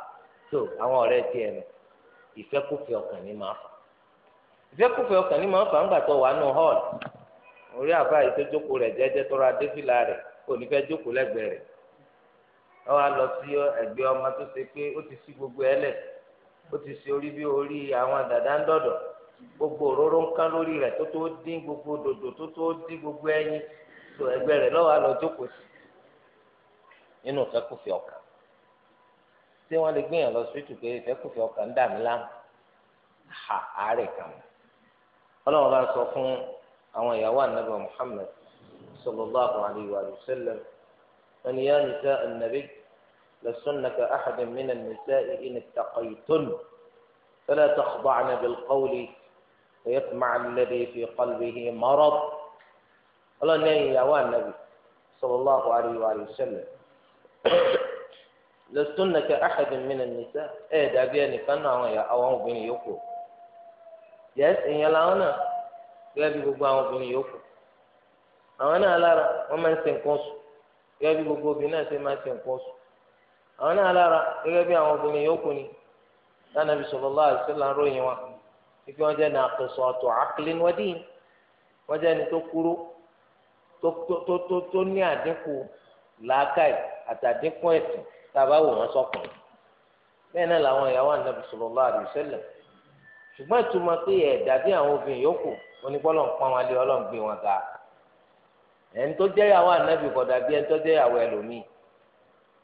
so àwọn ọ̀rẹ́ tiẹ̀ nù ìfẹ́kùfẹ́ ọkàn ní máa fà ìfẹ́kùfẹ́ ọkàn ní máa fà ńgbà tó wà nù hall orí àbá yìí tó rẹ̀ jẹ́jẹ́ tó ra défìlà rẹ̀ kò ní lọ sí ọmọ tó ṣe pé ti sí gbogbo ẹlẹ̀ ó ti ṣe orí bí orí àwọn dàda ń gbogbo òróró ń kán lórí rẹ̀ tó tó gbogbo dòdò tó tó gbogbo ẹyin tó ẹgbẹ́ ṣé wọ́n lè gbìyànjú lọ síbítù pé ìfẹ́kùfẹ́ ọkàn ń dà mí láàmú ha àárẹ̀ kàn ọlọ́run bá sọ fún àwọn ìyàwó ànábì Muhammad sallallahu alayhi wa sallam wọn ni yá nìṣẹ́ ànábì لسنك أحد من النساء إن اتقيتن فلا تخضعن بالقول ويطمع الذي في قلبه مرض الله نبي يا النبي صلى الله عليه وآله وسلم lọ́sùn nàkẹ́ àhàdùn mí nànísà ẹ̀ dàbí ẹnìkan náà àwọn ẹ̀yà àwọn obìnrin yòókù yẹ́s ìyẹn làwọn náà gẹ́gẹ́ bí gbogbo àwọn obìnrin yòókù àwọn náà lára wọ́n máa ń nǹkan bí gbogbo obìnrin náà ṣe máa ń ṣe nǹkan oṣù àwọn náà lára gẹ́gẹ́ bí ni lánàbí sallallahu alaihi wasallam ròyìn wọn ibi wọn jẹ́ tàbá wò wọn sọkùn bẹ́ẹ̀ náà làwọn ìyàwó ànábì sallallahu alaihi wasallam ṣùgbọ́n ìtumọ̀ pé ẹ̀dá bí àwọn obìnrin yòókù onígbọ́lọ̀ ń pọ́n wọn lé ọlọ́run gbé wọn ga ẹni tó jẹ́ ìyàwó ànábì kọ̀dà bí ẹni tó jẹ́ ìyàwó ẹlòmíì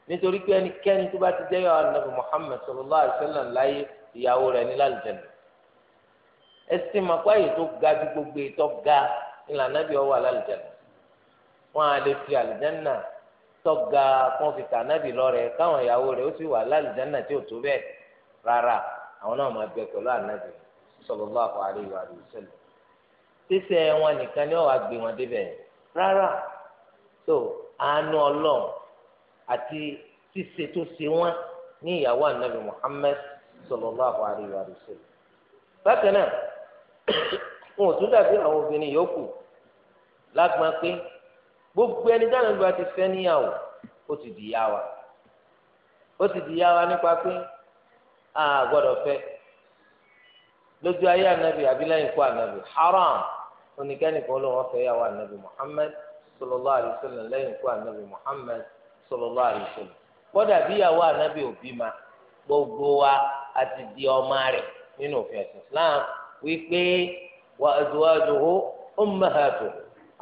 nítorí pé ẹnikẹ́ni tó bá ti jẹ́ ìyàwó ànábì Muhammad sallallahu alaihi wasallam láyé ìyàwó rẹ̀ ní lálùjẹ̀nà ẹ sì mọ̀ tó ga ju gbogbo ètò ga ìlànà tọ́ga kan fi tà nábì lọ́rẹ̀ káwọn ìyàwó rẹ̀ ó sì wà lálùjáná tí ò tó bẹ́ẹ̀ rárá àwọn náà máa bẹ pẹ̀lú ànábì sallallahu alaihi wa sallam ṣíṣe wọn nìkan ni wọ́n wá gbé wọn débẹ̀ rárá tó àánú ọlọ́run àti ṣíṣe tó ṣe wọn ní ìyàwó ànábì Muhammad sallallahu alaihi wa sallam bákan náà wọn ò tún dàbí àwọn obìnrin yòókù lágbọn pé gbogbo ẹni dáná ló bá ti fẹ́ níyàwó ó ti di yá wa ó ti di yá wa nípa pé a gbọ́dọ̀ fẹ́ lójú ayé anabi abiláyìn kó anabi haram oníkẹ́nìkan ló wọ́n fẹ́ yàwó anabi muhammed sallallahu alaihi lẹ́yìn kó anabi muhammed alaihi bí yàwó anabi òbí gbogbo wa a ti di ọmọ rẹ̀ nínú òfin ẹ̀sìn islam wípé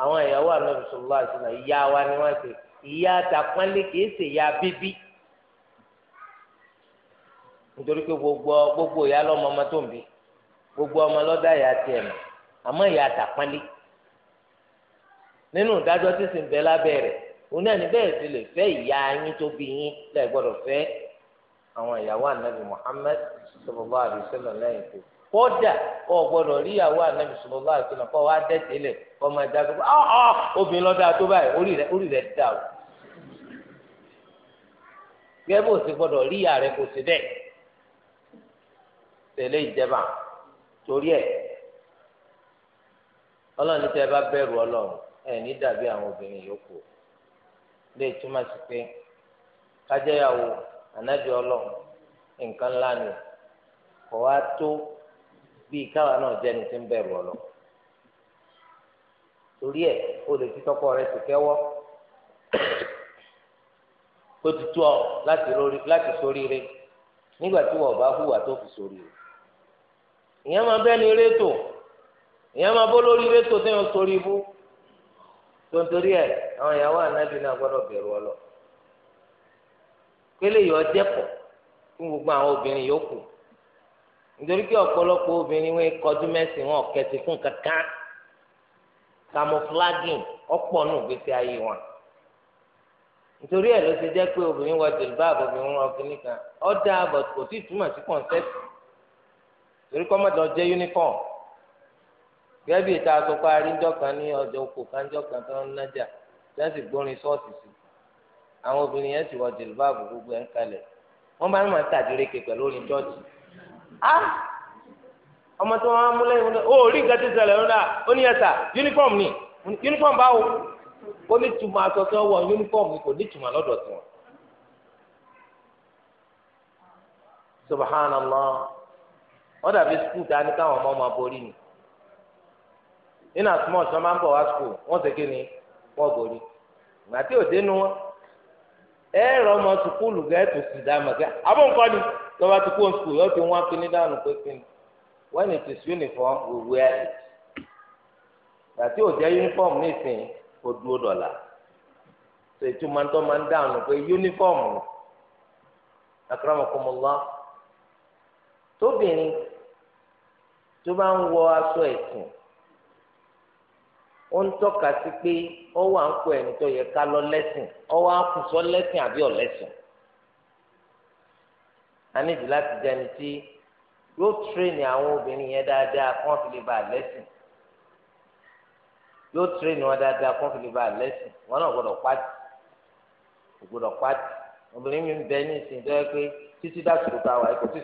àwọn ìyàwó anabi sọlá àṣìlá ìyá wa ni wọ́n pè ìyá àtàpọ́nlé kìí ṣe ìyá bíbí nítorí pé gbogbo gbogbo ìyá lọ́mọ ọmọ tó ń gbogbo ọmọ lọ́dá ìyá tiẹ̀ mọ̀ àmọ́ ìyá àtàpọ́nlé nínú ìdájọ́ tí sì ń bẹ lábẹ́ rẹ̀ òun náà ní bẹ́ẹ̀ sì lè fẹ́ ìyá yín tó anabi Muhammad lẹ́yìn tó kódà kó o gbọ́dọ̀ rí ìyàwó kó kọ́ máa dá ọ ọ ọ́ obìnrin lọ́dà tó báyìí orí orí o. gẹ́gẹ́ bó ṣe gbọ́dọ̀ rí ìyá kò sí bẹ́ẹ̀ tẹ̀lé ìjẹba torí ẹ̀ ọlọ́run ní tẹ́ bá bẹ̀rù ọlọ́run ẹ̀ ní dàbí àwọn obìnrin yòókù lè túmọ̀ sí pé kájẹ́yàwó ànábì ọlọ́run nǹkan ńlá ni kò wá tó bíi káwa náà jẹ́ni ń torí ẹ o lè fi tọkọ rẹ sì kẹ́wọ́ ó ti ọ láti ṣoríire nígbà tí wọn bá hùwà tó fi ṣoríire ìyẹn máa bẹ́ẹ̀ ni rétò ìyẹn máa bó lórí rétò tó yàn sórí ibú tó ń àwọn ìyàwó ànábì náà ọ lọ kélé yọ fún gbogbo àwọn obìnrin yòókù nítorí pé ọ̀pọ̀lọpọ̀ obìnrin wọn kọjú mẹ́sìn wọn kẹsì fún kankan camouflaging ọ̀pọ̀ nù gbèsè ayé wọn nítorí ẹ̀ ló ti jẹ́ pé obìnrin wọ jìlbáàbù obìnrin wọ kìíní kan Ọ dáa but kò tí túmọ̀ sí kọ̀ǹsẹ́pì torí kọ́ mọ̀tò jẹ́ uniform gẹ́gẹ́ bí ìta àtọ́kọ́ arínjọ́ kan ní ọjọ́ kan tó ń nájà gbórin sí gbogbo ẹ̀ ń kalẹ̀ wọ́n bá ń mọ̀ ń ọmọ tí wọn mú lẹ́yìn wọn ó oh, rí nǹkan tí ṣẹlẹ̀ náà ó ní ẹsà uniform ni uniform báwo ó ní tùmọ̀ aṣọ tí wọn wọ uniform kò ní tùmọ̀ lọ́dọ̀ tiwọn. subhanallah wọn dàbí skul tá a ní káwọn ọmọ máa borí ni nínú àtúmọ̀ tí máa ń bọ̀ wá skul wọn ṣe kíni wọn borí tí òde nu wọn ẹ rọ ọmọ sukulu gẹẹtù when it is uniform we wear it gbàtí o je uniform nísìnyí kò dúró dọ̀là so ìtumọ̀ tó máa ń dáhùn pé uniform akramakumullah tóbìnrin tó bá ń wọ aṣọ ẹ̀sìn ó ń tọ́ka sí pé ó wà ń kó ẹni tó yẹ ká lọ lẹ́sìn ó wà ń kù sọ lẹ́sìn àbí ọ̀lẹ́sìn a nídìí láti jẹ́ ẹni yóò tírèèni àwọn obìnrin yẹn dáadáa kí fi lè bá lẹ́sìn yóò tírèèni wọn dáadáa kí fi lè lẹ́sìn wọn náà pàtì pàtì obìnrin mi ń bẹ ní ìsìn tó yẹ pé títí wà kò tí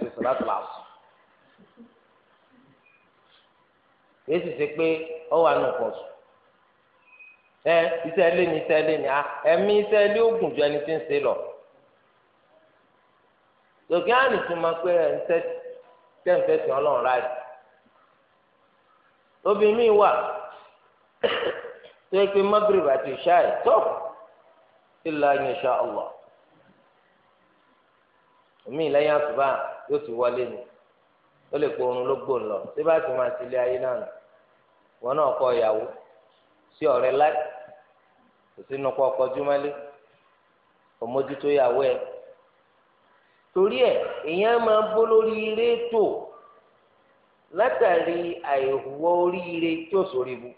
ì sì ṣe pé ọ wà nù pọ̀ sùn ẹ iṣẹ́ lọ tòkí àná pé ẹ̀ ń tẹ́ǹfẹ́ tí ọlọ́run ráàyè obìnrin mi wà tó yẹ pé magrib àti ṣáì tó ìlà insha Allah omi ìlẹ́yìn àtúbà yóò ti wọlé ni ó lè pọ oorun ló gbòòn lọ tí bá ti máa ti lé ayé náà nù wọn náà kọ ìyàwó sí ọ̀rẹ́ láì kò sínú kọ ọkọ júmọlé òmójútó ìyàwó ẹ torí ẹ èèyàn máa bó lórí ilé tó látàrí àìwọ oríire tí ó sórí ibu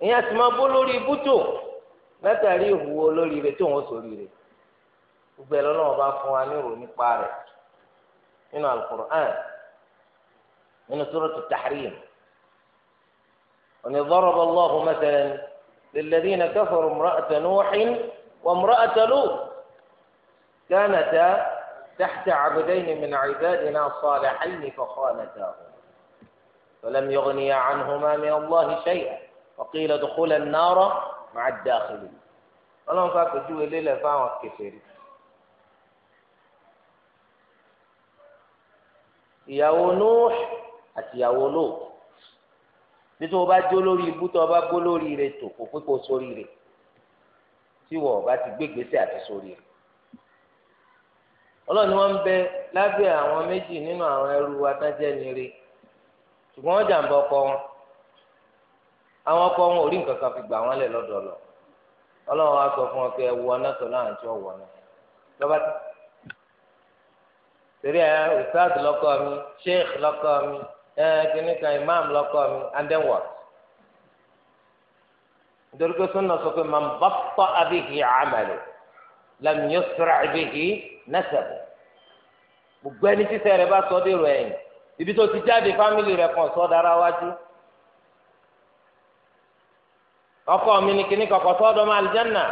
èèyàn sì máa bó lórí ibu tó látàrí ìwọ olóríire tó ń sórí rẹ gbogbo ẹ lọ́nà ọba fún wa nírò nípa rẹ àlùkòrò Al-Qur'an nínú tó yìí Suratu Tahrim وإن ضرب الله مثلا للذين كفروا امرأة نوح وامرأة لوط كانتا تحت عبدين من عبادنا صالحين فخانتاهما فلم يغني عنهما من الله شيئا وقيل ادخلا النار مع الداخلين ولم فاك جوي ليلة فاوك كثير يا ونوح ات يا لوط nítorí ọba jólórí ibú tó ọba gbólórí rẹ tó kò pé kò سوري rẹ tí wọn ọba ti gbégbèsè àti ọlọ́run ni wọ́n ń bẹ lábẹ́ àwọn méjì nínú àwọn ẹrú adájẹ́nire ṣùgbọ́n wọ́n jàǹbá ọkọ wọn àwọn ọkọ wọn ò rí nǹkan kan fi gbà wọ́n lẹ̀ lọ́dọ̀ lọ ọlọ́run wa sọ fún wọn pé ẹwù ọ̀nà tó náà tí ó wọ̀ lọ́ba tí torí ẹ ustaz lọ́kọ mi sheikh lọ́kọ mi ẹ kìnnìkan imam lọ́kọ mi and then what nítorí pé sunna sọ pé man batta bihi amalu lam yusra bihi nasabu gbogbo ẹni títẹ rẹ bá sọ dèrò ẹ̀yìn ibi tó ti jáde fámìlì rẹ kàn sọ dára wájú ọkọ mi ni kíní kọkọ sọdọ máa aljanna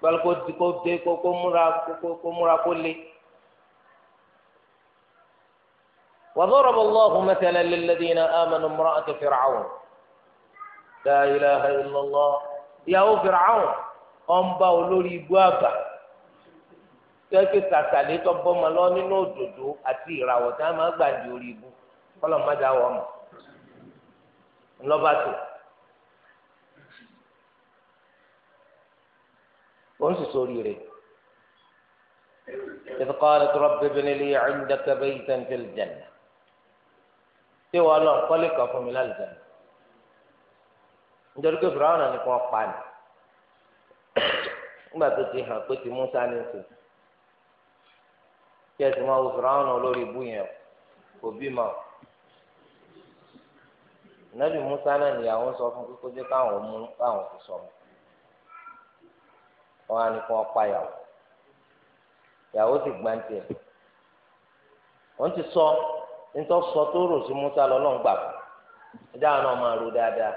gbọdọ kó di kó dé kó kó múra kó kó múra kó lé. وضرب الله مثلا للذين آمنوا امرأة فرعون لا إله إلا الله يا فرعون أم باولوري بابا tẹ́kẹ́ sàtàlẹ́ tó bọ́mọ lọ nínú òdòdó àti ìràwọ̀ tí wọ́n máa gbà di orí ibu kọ́lọ̀ má dá wọ́n mọ̀ ńlọ́ba tó òun sì sórí rẹ̀ إذ قالت رب ابن لي عندك بيتا في الجنة tí wọn lọ kọ́lé kan fún mi lálùjáde nítorí pé fúráwọn nìkan pa ni nígbà tó ti hàn pé ti Musa ní sùn kí ẹ sì máa wo fìràwọn olórí ibú yẹn kò bímọ nàbì musa náà nìyàwó ń sọ fún kókó jẹ káwọn mú káwọn kò sọ mọ wọn á ní kí wọn pa yàwó yàwó sì gbàǹtì ẹ wọn ti sọ nítorí sọ tó rò sí musa lọ́nà gbà fún ìdáhùn náà máa ro dáadáa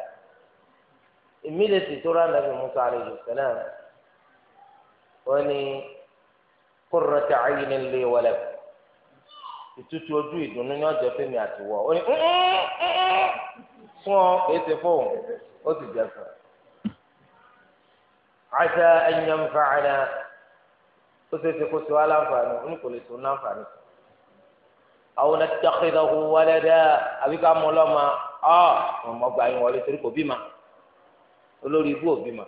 ìmílẹ̀sì tó rà nàbì musa àlejò sẹ́lẹ̀ wọn ni qurrata aynin li wa lak ìtútù ojú ìdùnnú ní ọjọ́ fẹmi àtiwọ ó ní mm, mm, mm, fún ọ kìí ṣe fóun ó sì jẹ fún ọ. asa an yanfa'ana ó ṣe ṣe kó ṣe wá ó ní kò lè tó láǹfààní. àwọn nàìjíríà walada àbíká mọ ọlọ́mọ ọ ọmọ ọgbà yín wọlé torí kò bímọ olórí ibú ò bímọ.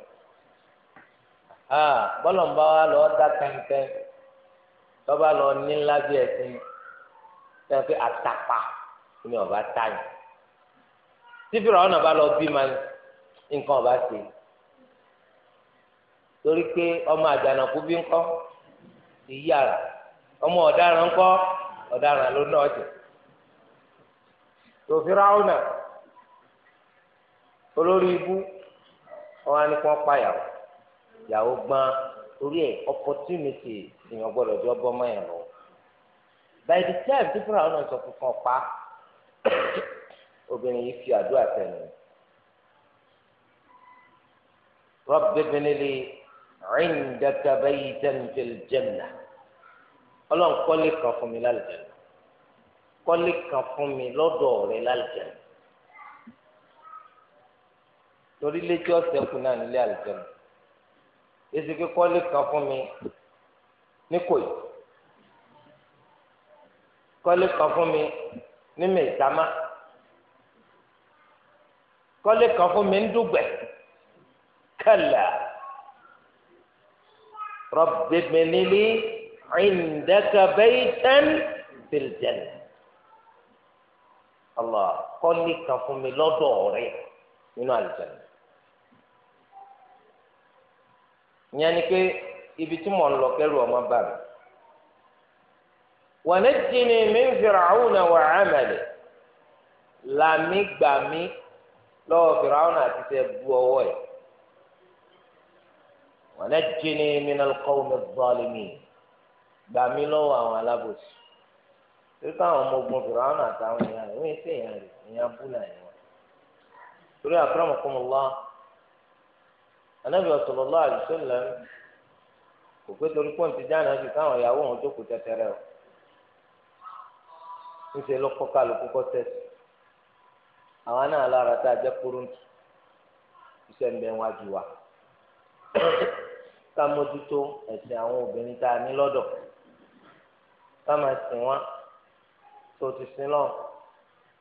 bọ́lọ̀ ń bá wa lọ dá kẹ́ńkẹ́. tọ́ba lọ ní ńlá bí ẹ̀sìn ṣe pé àtàpà ni ọba táyì tí fìràwọ́n bá lọ bí ọba ṣe torí pé ọmọ àjànàkú bí ńkọ́ ìyára ọmọ ọ̀daràn ńkọ́ ọ̀daràn ló náà jẹ tó olórí ibú wọn á torí ẹ opportunity èèyàn gbọ́dọ̀ jọ bọ mọ yẹn lọ by the time tí fúnra ọ̀nà sọ fún kan pa obìnrin yìí fi àdúrà tẹnu Rabbi ibni li indaka baytan fil jannah ọlọ́run kọ́lé kan fún mi lálùjẹ̀nà kọ́lé kan fún mi lọ́dọ̀ rẹ lálùjẹ̀nà torí lẹ́jọ́ sẹ́kù náà nílé àlùjẹ̀nà ezeke kọ́lé kan fún mi ní Kòyí kọ́lé kan fún mi ní Maitama kọ́lé kan fún mi ní Dùgbẹ̀ kàlà Rabbi ibni li indaka baytan fil janna Allah kọ́lé fún mi lọ́dọ̀ nínú àlùjànnà. ìyẹn ni pé ibi tí mò ń lọ kẹrù ọmọ bá mi. wa najjini min Fir'auna wa 'amalihi làmì gbàmí lọ́wọ́ Fir'auna àti tẹ bu ọwọ́ ẹ̀. wa najjini min al-qawmi adh-dhalimin gbàmí lọ́wọ́ àwọn alábòsí torí káwọn ọmọ ogun Fir'auna àtàwọn èèyàn rẹ̀ wọ́n yẹ sí èèyàn rẹ̀ bú náà yẹn wọ́n. torí àkàrà mọ̀kọ́mọ́lá anabi ọsọlọlọ àdìsọlẹ kò pé torí pọ́ǹtì dáná ju káwọn ìyàwó òun jókòó tẹtẹrẹ o níṣẹ́ ló kọ́ kálukú kọ́ tẹ̀sí àwọn náà lára tá a jẹ́ kúrúǹtù iṣẹ́ ń bẹ wájú wa ká mójútó ẹ̀sìn àwọn obìnrin tá a ní lọ́dọ̀ ká máa sìn wọ́n tó ti sin lọ́n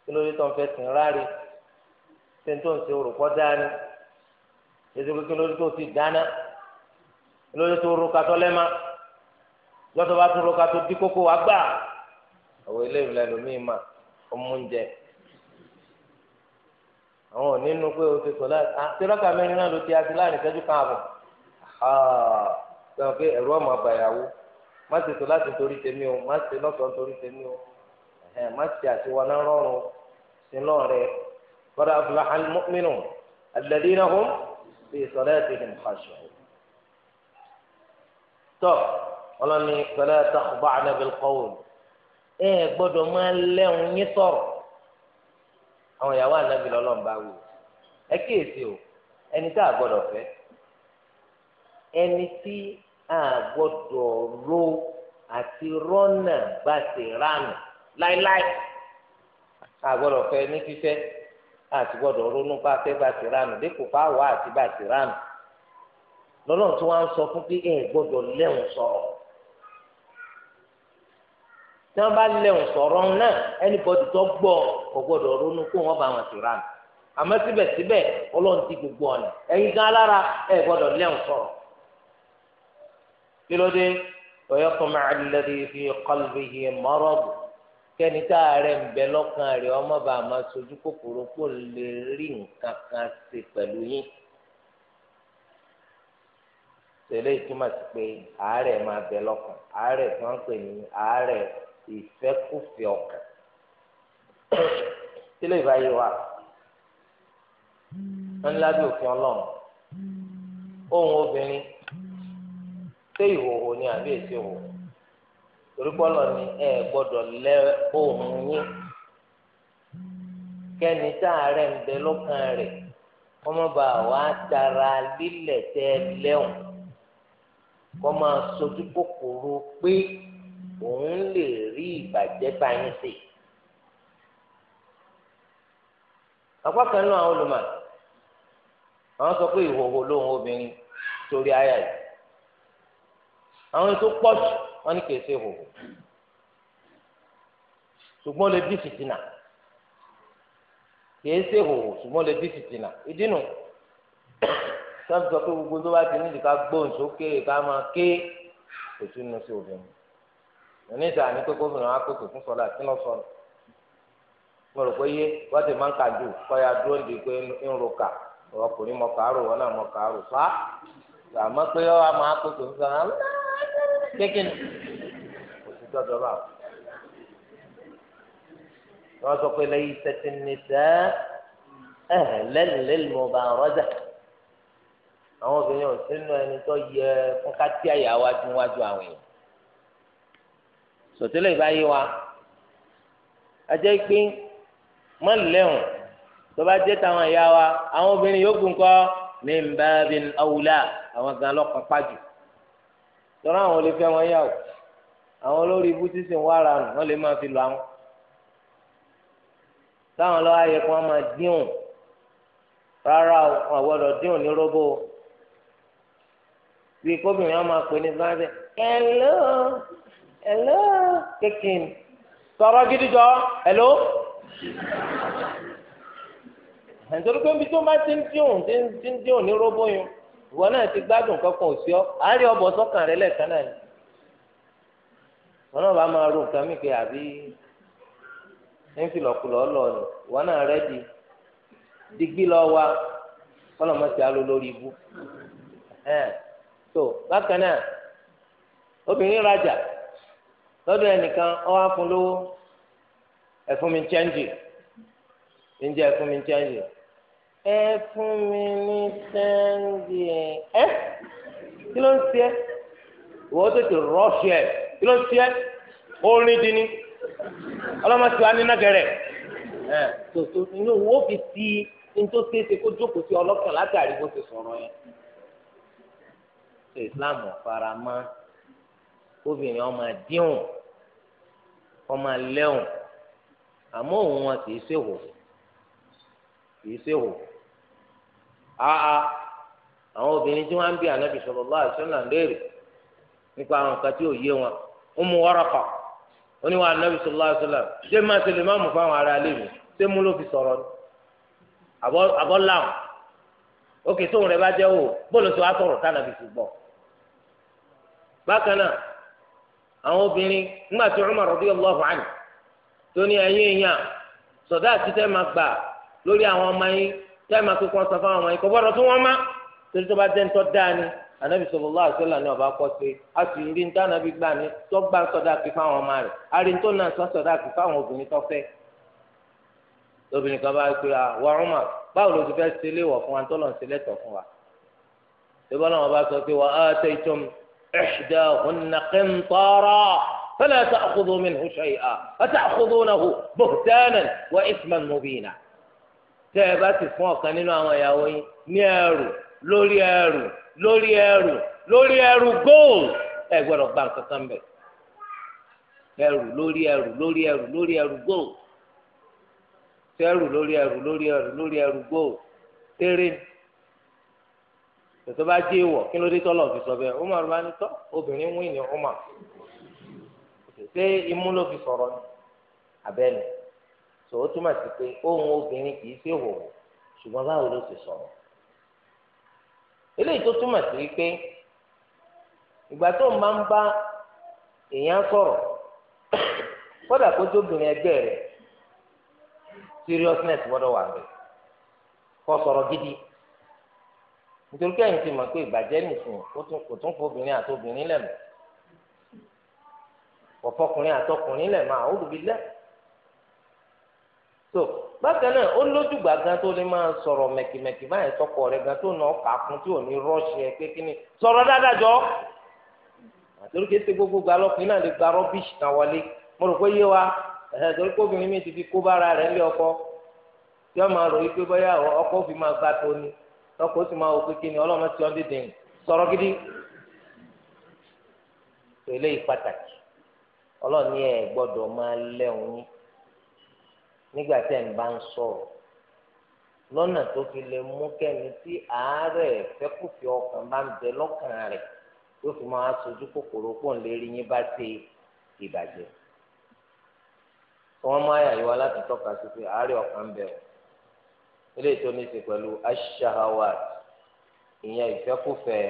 kí ló dé tó ń fẹ́ sìn ráre ṣé tó ń ṣe òrùkọ́ dání yẹtùkú kí lórí tó ti dáná lórí tó ro katọ́ lẹ́ma lọ́tọ̀ bá tún ro katọ́ dí kókó wa gbà àwọn eléyìí lẹ́nu mí ma ọmúnjẹ àwọn ò nínú pé o ti sọ láti àtẹrọ́kà mẹ́rin náà ló ti àti láàrin ìṣẹ́jú kan àbọ̀ sọ pé ẹ̀rọ ọmọ àbàyàwó má ti sọ láti torí tèmi o má ti lọ́sọ̀ọ́ torí tèmi o má ti àtiwọ́n náà rọrùn sí lọ́ọ̀rẹ́ kọ́dà fúlàhánì mọ́mínú àdìlẹ́dínà hó. في صلاتهم خاشعون طب ولن فلا تخضعن بالقول ايه بدو ما لهم يطر àwọn ìyàwó ànábì lọ́lọ́run bá wù ẹ kíyèsí o ẹni tá a gbọ́dọ̀ fẹ́ ẹni tí a gbọ́dọ̀ ro àti rọ́nà bá ti ránù láéláé a gbọ́dọ̀ fẹ́ ní fífẹ́ àti gbọ́dọ̀ ronú pa fẹ́ bá ti ránù dípò pa wà àti bá ti ránù lọ́lọ́run tí wọ́n á sọ fún pé ẹ gbọ́dọ̀ lẹ́hùn sọ̀rọ̀ tí wọ́n bá lẹ́hùn sọ̀rọ̀ náà ẹnìbọ̀dì tó gbọ́ kò gbọ́dọ̀ ronú kó wọ́n bá wọn ti ránù àmọ́ síbẹ̀síbẹ̀ ọlọ́run ti gbogbo ọ̀nà ẹ̀yin gan alára ẹ gbọ́dọ̀ lẹ́hùn sọ̀rọ̀ kí ló dé ọ̀yọ́kùnrin àdìlẹ́dì fi qalbihi marad kẹ́ni tá a rẹ̀ ń bẹ lọ́kàn rẹ̀ ọmọ bá a máa sojú kòkòrò kó lè rí nǹkan kan ṣe pẹ̀lú yín. tẹ̀lé ìtumọ̀ sí pé àárẹ̀ máa bẹ lọ́kàn àárẹ̀ tí wọ́n ń pè ní àárẹ̀ ìfẹ́kùfẹ́ ọkàn. tílé ìbáyé wa wọ́n lábẹ́ òfin ọlọ́run ohun obìnrin ṣé ìhòòhò ni àbí èsì ìhòòhò torípọ́lọ̀ ni ẹ gbọ́dọ̀ lẹ ohùn yín kẹ́ni tá a rẹ̀ ń bẹ lọ́kàn rẹ̀ kọ́mọba wa tara lílẹ̀ tẹ́ lẹ́hùn kọ́ máa sojú kòkòrò pé òun lè rí ìbàjẹ́ báyìí sí. apá kan náà àwọn olùmọ̀ àwọn sọ pé ìhòòhò lóhùn obìnrin torí àyà yìí àwọn ètò pọ̀ jù wọn ní kì í ṣe hòhò ṣùgbọ́n lè bí fìtínà kì í ṣe hòhò ṣùgbọ́n lè bí fìtínà ìdí nu sọ́ọ̀tì sọ pé gbogbo tó bá ti níbi ká gbóhùn sókè ká máa ké kò tún nu sí obìnrin oníṣà ní pé gómìnà wa pèsè fún sọlá tí lọ sọ̀rọ̀ mo rò pé yé wọ́n ti máa ń kàdù kọ́ya dúró di pé ń ro kà ọkùnrin mọ kàárò wọn náà mọ kàárò fa àmọ́ pé wọ́n máa pèsè fún sọlá kékin òsì tọdọ bá wọn sọ pé lẹ́yìn tẹtí nìṣẹ ẹhẹ lẹnu lẹnu mo bá rọjà àwọn obìnrin ò sínú ẹni tó yẹ fún kátí àyàwó adúwájú àwọn èèyàn sòtẹlẹ ìbáyé wa ajẹ pé má tó bá jẹ́ táwọn ìyá wa àwọn obìnrin yòókù ńkọ́ min babin awla àwọn gan lọ́kàn pàjù tọ́lá àwọn olè fẹ́ wọn yà o àwọn olórí ibú sísìn wà ra nù wọ́n lè máa fi lọ àwọn táwọn lọ́wọ́ ayẹ kí wọ́n máa díhùn rárá wọn gbọ́dọ̀ díhùn ní róbó bí kóbìnrin wọn máa pè ní fúnáṣẹ hello hello kékin sọ̀rọ̀ gidigidi hello nítorí pé ibi tó bá ti ń díhùn ti ń díhùn ní róbó yẹn. ìwọ náà ti gbádùn kankan ò ari ọ ọbọ sọ́kàn rẹ lẹ́ẹ̀kan náà ni wọn náà bá máa ro nǹkan mí àbí ń fi lọkùlọ lọ ni rẹ di digbí lọ wa kọlọmọ ti alo lórí ibú tó bákan náà obìnrin rajà lọ́dọ̀ ẹnìkan ọwọ afun lówó ẹfun mi chẹnjì ń jẹ ẹ fún mi ní sẹ́ńdì ẹ̀ ẹ́ kí ló ń ṣe ẹ́ ìwọ tètè rọ́ọ̀ṣì ẹ̀ kí ló ń ṣe ẹ́ orin dín ní ọlọ́mọṣẹ́ wa ní nàgẹ̀rẹ̀ ẹ̀ tòtò inú wo fi ti nítorí ṣeéṣe kó jókòó sí ọlọ́kàn látàrí bó ti sọ̀rọ̀ yẹn Islam fara mọ́ obìnrin ọmọ díhùn ọmọ lẹ́hùn àmọ́ òun wọn kì í ṣèwò kì í ṣèwò. A'a, àwọn obìnrin tí wọ́n ń bí anabi sallallahu alaihi wasallam léèrè nípa àwọn nǹkan tí ò yé wọn Ụmụ Waraqa oníwà anabi sallallahu alaihi wasallam ṣé máa ṣe lè má mú fáwọn ará ilé mi ṣé mú ló fi ni àbọ̀ láwọn òkè tóun rẹ bá jẹ́ bóòlù sọ̀rọ̀ tánàbì bákan náà àwọn obìnrin tí tó tẹ́ẹ̀mà pé kí wọ́n sọ fún àwọn ọmọ yìí kò gbọ́dọ̀ tún wọ́n má torí tó bá jẹ́ ńtọ́ dáa ni anabi sallallahu alaihi wasallam ni ọba kọ pé a sì rí níta anabi gbà ní tó gbà sọdá pé fáwọn ọmọ rẹ̀ a rí níta náà sọ sọdá pé fáwọn obìnrin tó fẹ́ obìnrin kan bá pé àwọn ọmọ báwo ló ti fẹ́ ṣe léwọ̀ fún wa tó lọ́n ṣe lẹ́tọ̀ fún wa ṣùgbọ́n náà wọ́n bá sọ pé wa ataytum ihdahunna qintara fala ta'khudhu minhu shay'an wa ta'khudhunahu buhtanan wa ithman mubina tẹ́ ẹ bá sì fún ọ̀kan nínú àwọn ìyàwó yín ní ẹrù lórí ẹrù lórí ẹrù lórí ẹrù gold ẹ gbọ́dọ̀ gba nǹkan kan bẹ̀ ẹrù lórí ẹrù lórí ẹrù lórí ẹrù gold tẹ́rù lórí ẹrù lórí ẹrù lórí ẹrù gold tẹ́rẹ̀ tòtò bá jẹ́ ìwọ̀ kí ló dé tọ́lọ̀ fi sọ bẹ́ẹ̀ Umar bá ní tọ́ obìnrin wí ní Umar ṣe imú ló fi sọ̀rọ̀ ni abẹ́nu. sọ ó túmọ̀ sí pé ohun obìnrin kì í ṣe hòhò ṣùgbọ́n báwo ló sọ̀rọ̀ eléyìí tó túmọ̀ sí pé ìgbà tó ń máa ń bá èèyàn sọ̀rọ̀ fọ́dà kó tóbìnrin ẹgbẹ́ rẹ̀ seriousness gbọ́dọ̀ wà sọ̀rọ̀ gidi nítorí kẹ́yìn ti mọ̀ pé ìbàjẹ́ kò tún lẹ̀ mọ́ àtọkùnrin lẹ̀ mọ́ àwọn so bákan náà ó lójúgbà gan tó lè máa sọ̀rọ̀ mẹ̀kìmẹ̀kì báyìí sọ́kọ rẹ̀ gan tó nà ọ́ tí ò ní rọ́ọ̀ṣì pé kíni sọ̀rọ̀ dáadájọ́ gbogbo gba lọ́kùnrin náà lè gba rọ́bìṣì kan wọlé mo rò pé yé wa mi ti fi kó bára rẹ̀ lé ọkọ tí máa rò yí pé bóyá ọkọ fi máa tó ni ọkọ ó sì máa wò pé kíni ti sọ̀rọ̀ nígbà tẹ́ ń bá ń sọ̀rọ̀ lọ́nà tó fi lè mú kẹ́ni tí àárẹ̀ fẹ́kùfẹ́ ọkàn bá ń bẹ lọ́kàn rẹ̀ yóò fi máa sojú kòkòrò pọ̀ lérí yín bá ṣe ìbàjẹ́ wọ́n máa yà yíwá láti tọ́ka sí pé àárẹ̀ ọkàn ń bẹ o tó ní í ṣe pẹ̀lú aṣahawat ìyẹn ìfẹ́kùfẹ́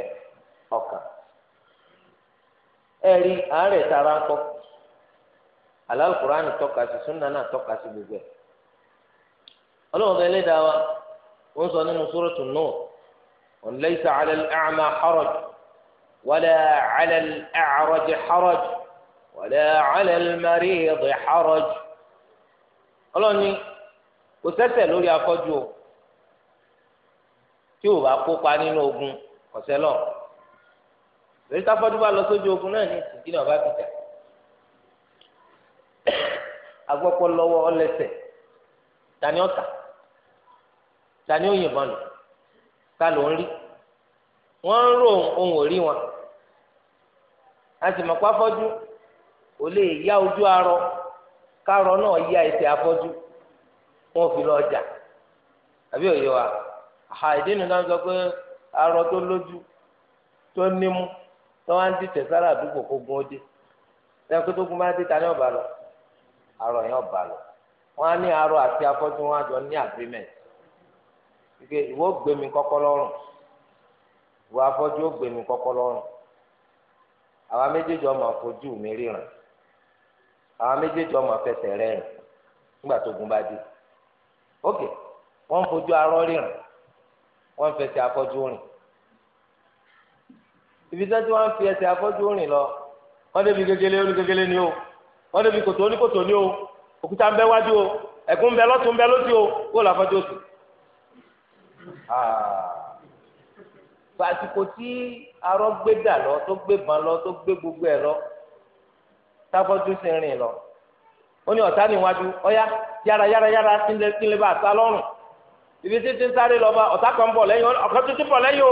ọkàn ẹ̀rí àárẹ̀ tara kọ́ alal Qur'an tọ́ka sí sunna náà tọ́ka sí gbogbo ẹ̀ ọlọ́run bẹ́ẹ̀ lẹ́dàá wa wọ́n sọ nínú suratul Nur on laysa 'ala al-a'ma haraj wala 'ala al-a'raj haraj wala 'ala al-marid haraj ọlọ́run ní kò sẹ́ṣẹ̀ lórí afọ́jú tí o bá kópa nínú ogun ọ̀sẹ̀ lọ lórí táfọ́jú lọ sójú ogun náà ní ìsìnkú náà bá ti jà agbọ́pọ̀ lọ́wọ́ ọlẹ́sẹ̀ tani ọ̀tà tani òyìnbọn nù ta ń rí wọn ń rò ohun rí wọn a sì mọ̀ pé afọ́jú kò lè yá ojú arọ kárọ náà yá ẹsẹ̀ afọ́jú wọn fi lọ ọjà àbí òye wa àhà ìdí nìkan sọ pé arọ tó lójú tó nímú tó wá ń àdúgbò kó gun ó dé tó gun bá lọ. arọ yẹn ọba lọ wọn á ní arọ àti afọjú wọn àjọ ní agreement ike ìwọ mi kọkọ lọrùn ìwọ afọjú ó kọkọ lọrùn àwa méjèèjì ọmọ mi ríran àwa méjèèjì ọmọ àfẹsẹ̀ rẹ́rìn nígbà tó gun bá dé ok wọn fojú arọ ríran wọn fẹsẹ̀ afọjú rìn ibi tí wọn ti fi ẹsẹ̀ afọjú rìn lọ wọn wọ́n níbi kòtò oníkòtò ní o òkúta ń bẹ wájú o ẹ̀kún ń bẹ lọ́tún ń bẹ lósì o kó o làfọ́jú oṣù. àsìkò tí arọ gbé dà lọ tó gbé ban lọ tó gbé gbogbo ẹ lọ tábọ́jú sí rìn lọ ó ní ọ̀tá níwájú ọ̀yá yára yára yára kílẹ̀ bá ta lọ́rùn ibi títí sáré lọ́ba ọ̀tá kan bọ̀ lẹ́yìn ọ̀kan tuntun bọ̀ lẹ́yìn o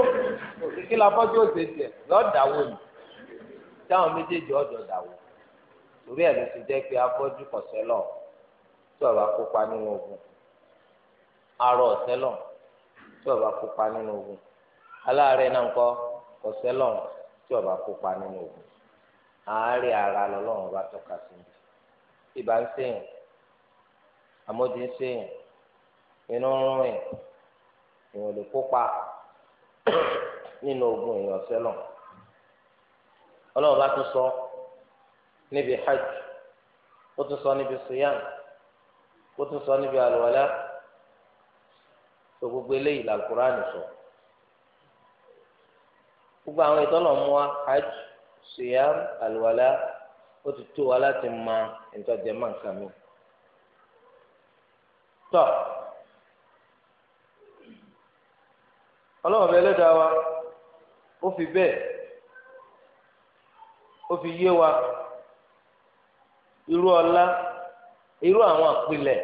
kí làfọ́jú oṣù tiẹ̀ lọ́ọ̀dà wò ni táwọn méjèèjì ọ̀dọ̀ dà wò. torí ẹ̀ ló ti jẹ́ pé afọ́jú kọ̀ tí ọba kópa nínú ogun arọ ọ̀sẹ́lọ̀ tí ọba kópa nínú ogun aláàárẹ̀ náà kọ́ tí ọba kópa nínú ogun àárẹ̀ ara lọ́lọ́run bá tọ́ka sí mi ibà ń sèyàn àmójì ń sèyàn inú ń rún lè kópa nínú ogun èèyàn ọlọ́run bá So, níbi hajj ó tún sọ níbi siyam ó tún sọ níbi àlùwalá tó gbogbo eléyìí làlùkùránì sọ gbogbo àwọn ìtọ́nà mú wa hajj siyam àlùwalá ó ti tó wa láti mọ ìtọ́jẹ́ mọ́ nǹkan mi tọ́ ọlọ́wọ́ bẹ lẹ́dàá wa ó fi bẹ́ẹ̀ ó fi yé wa. irú ọlá irú àwọn àpilẹ̀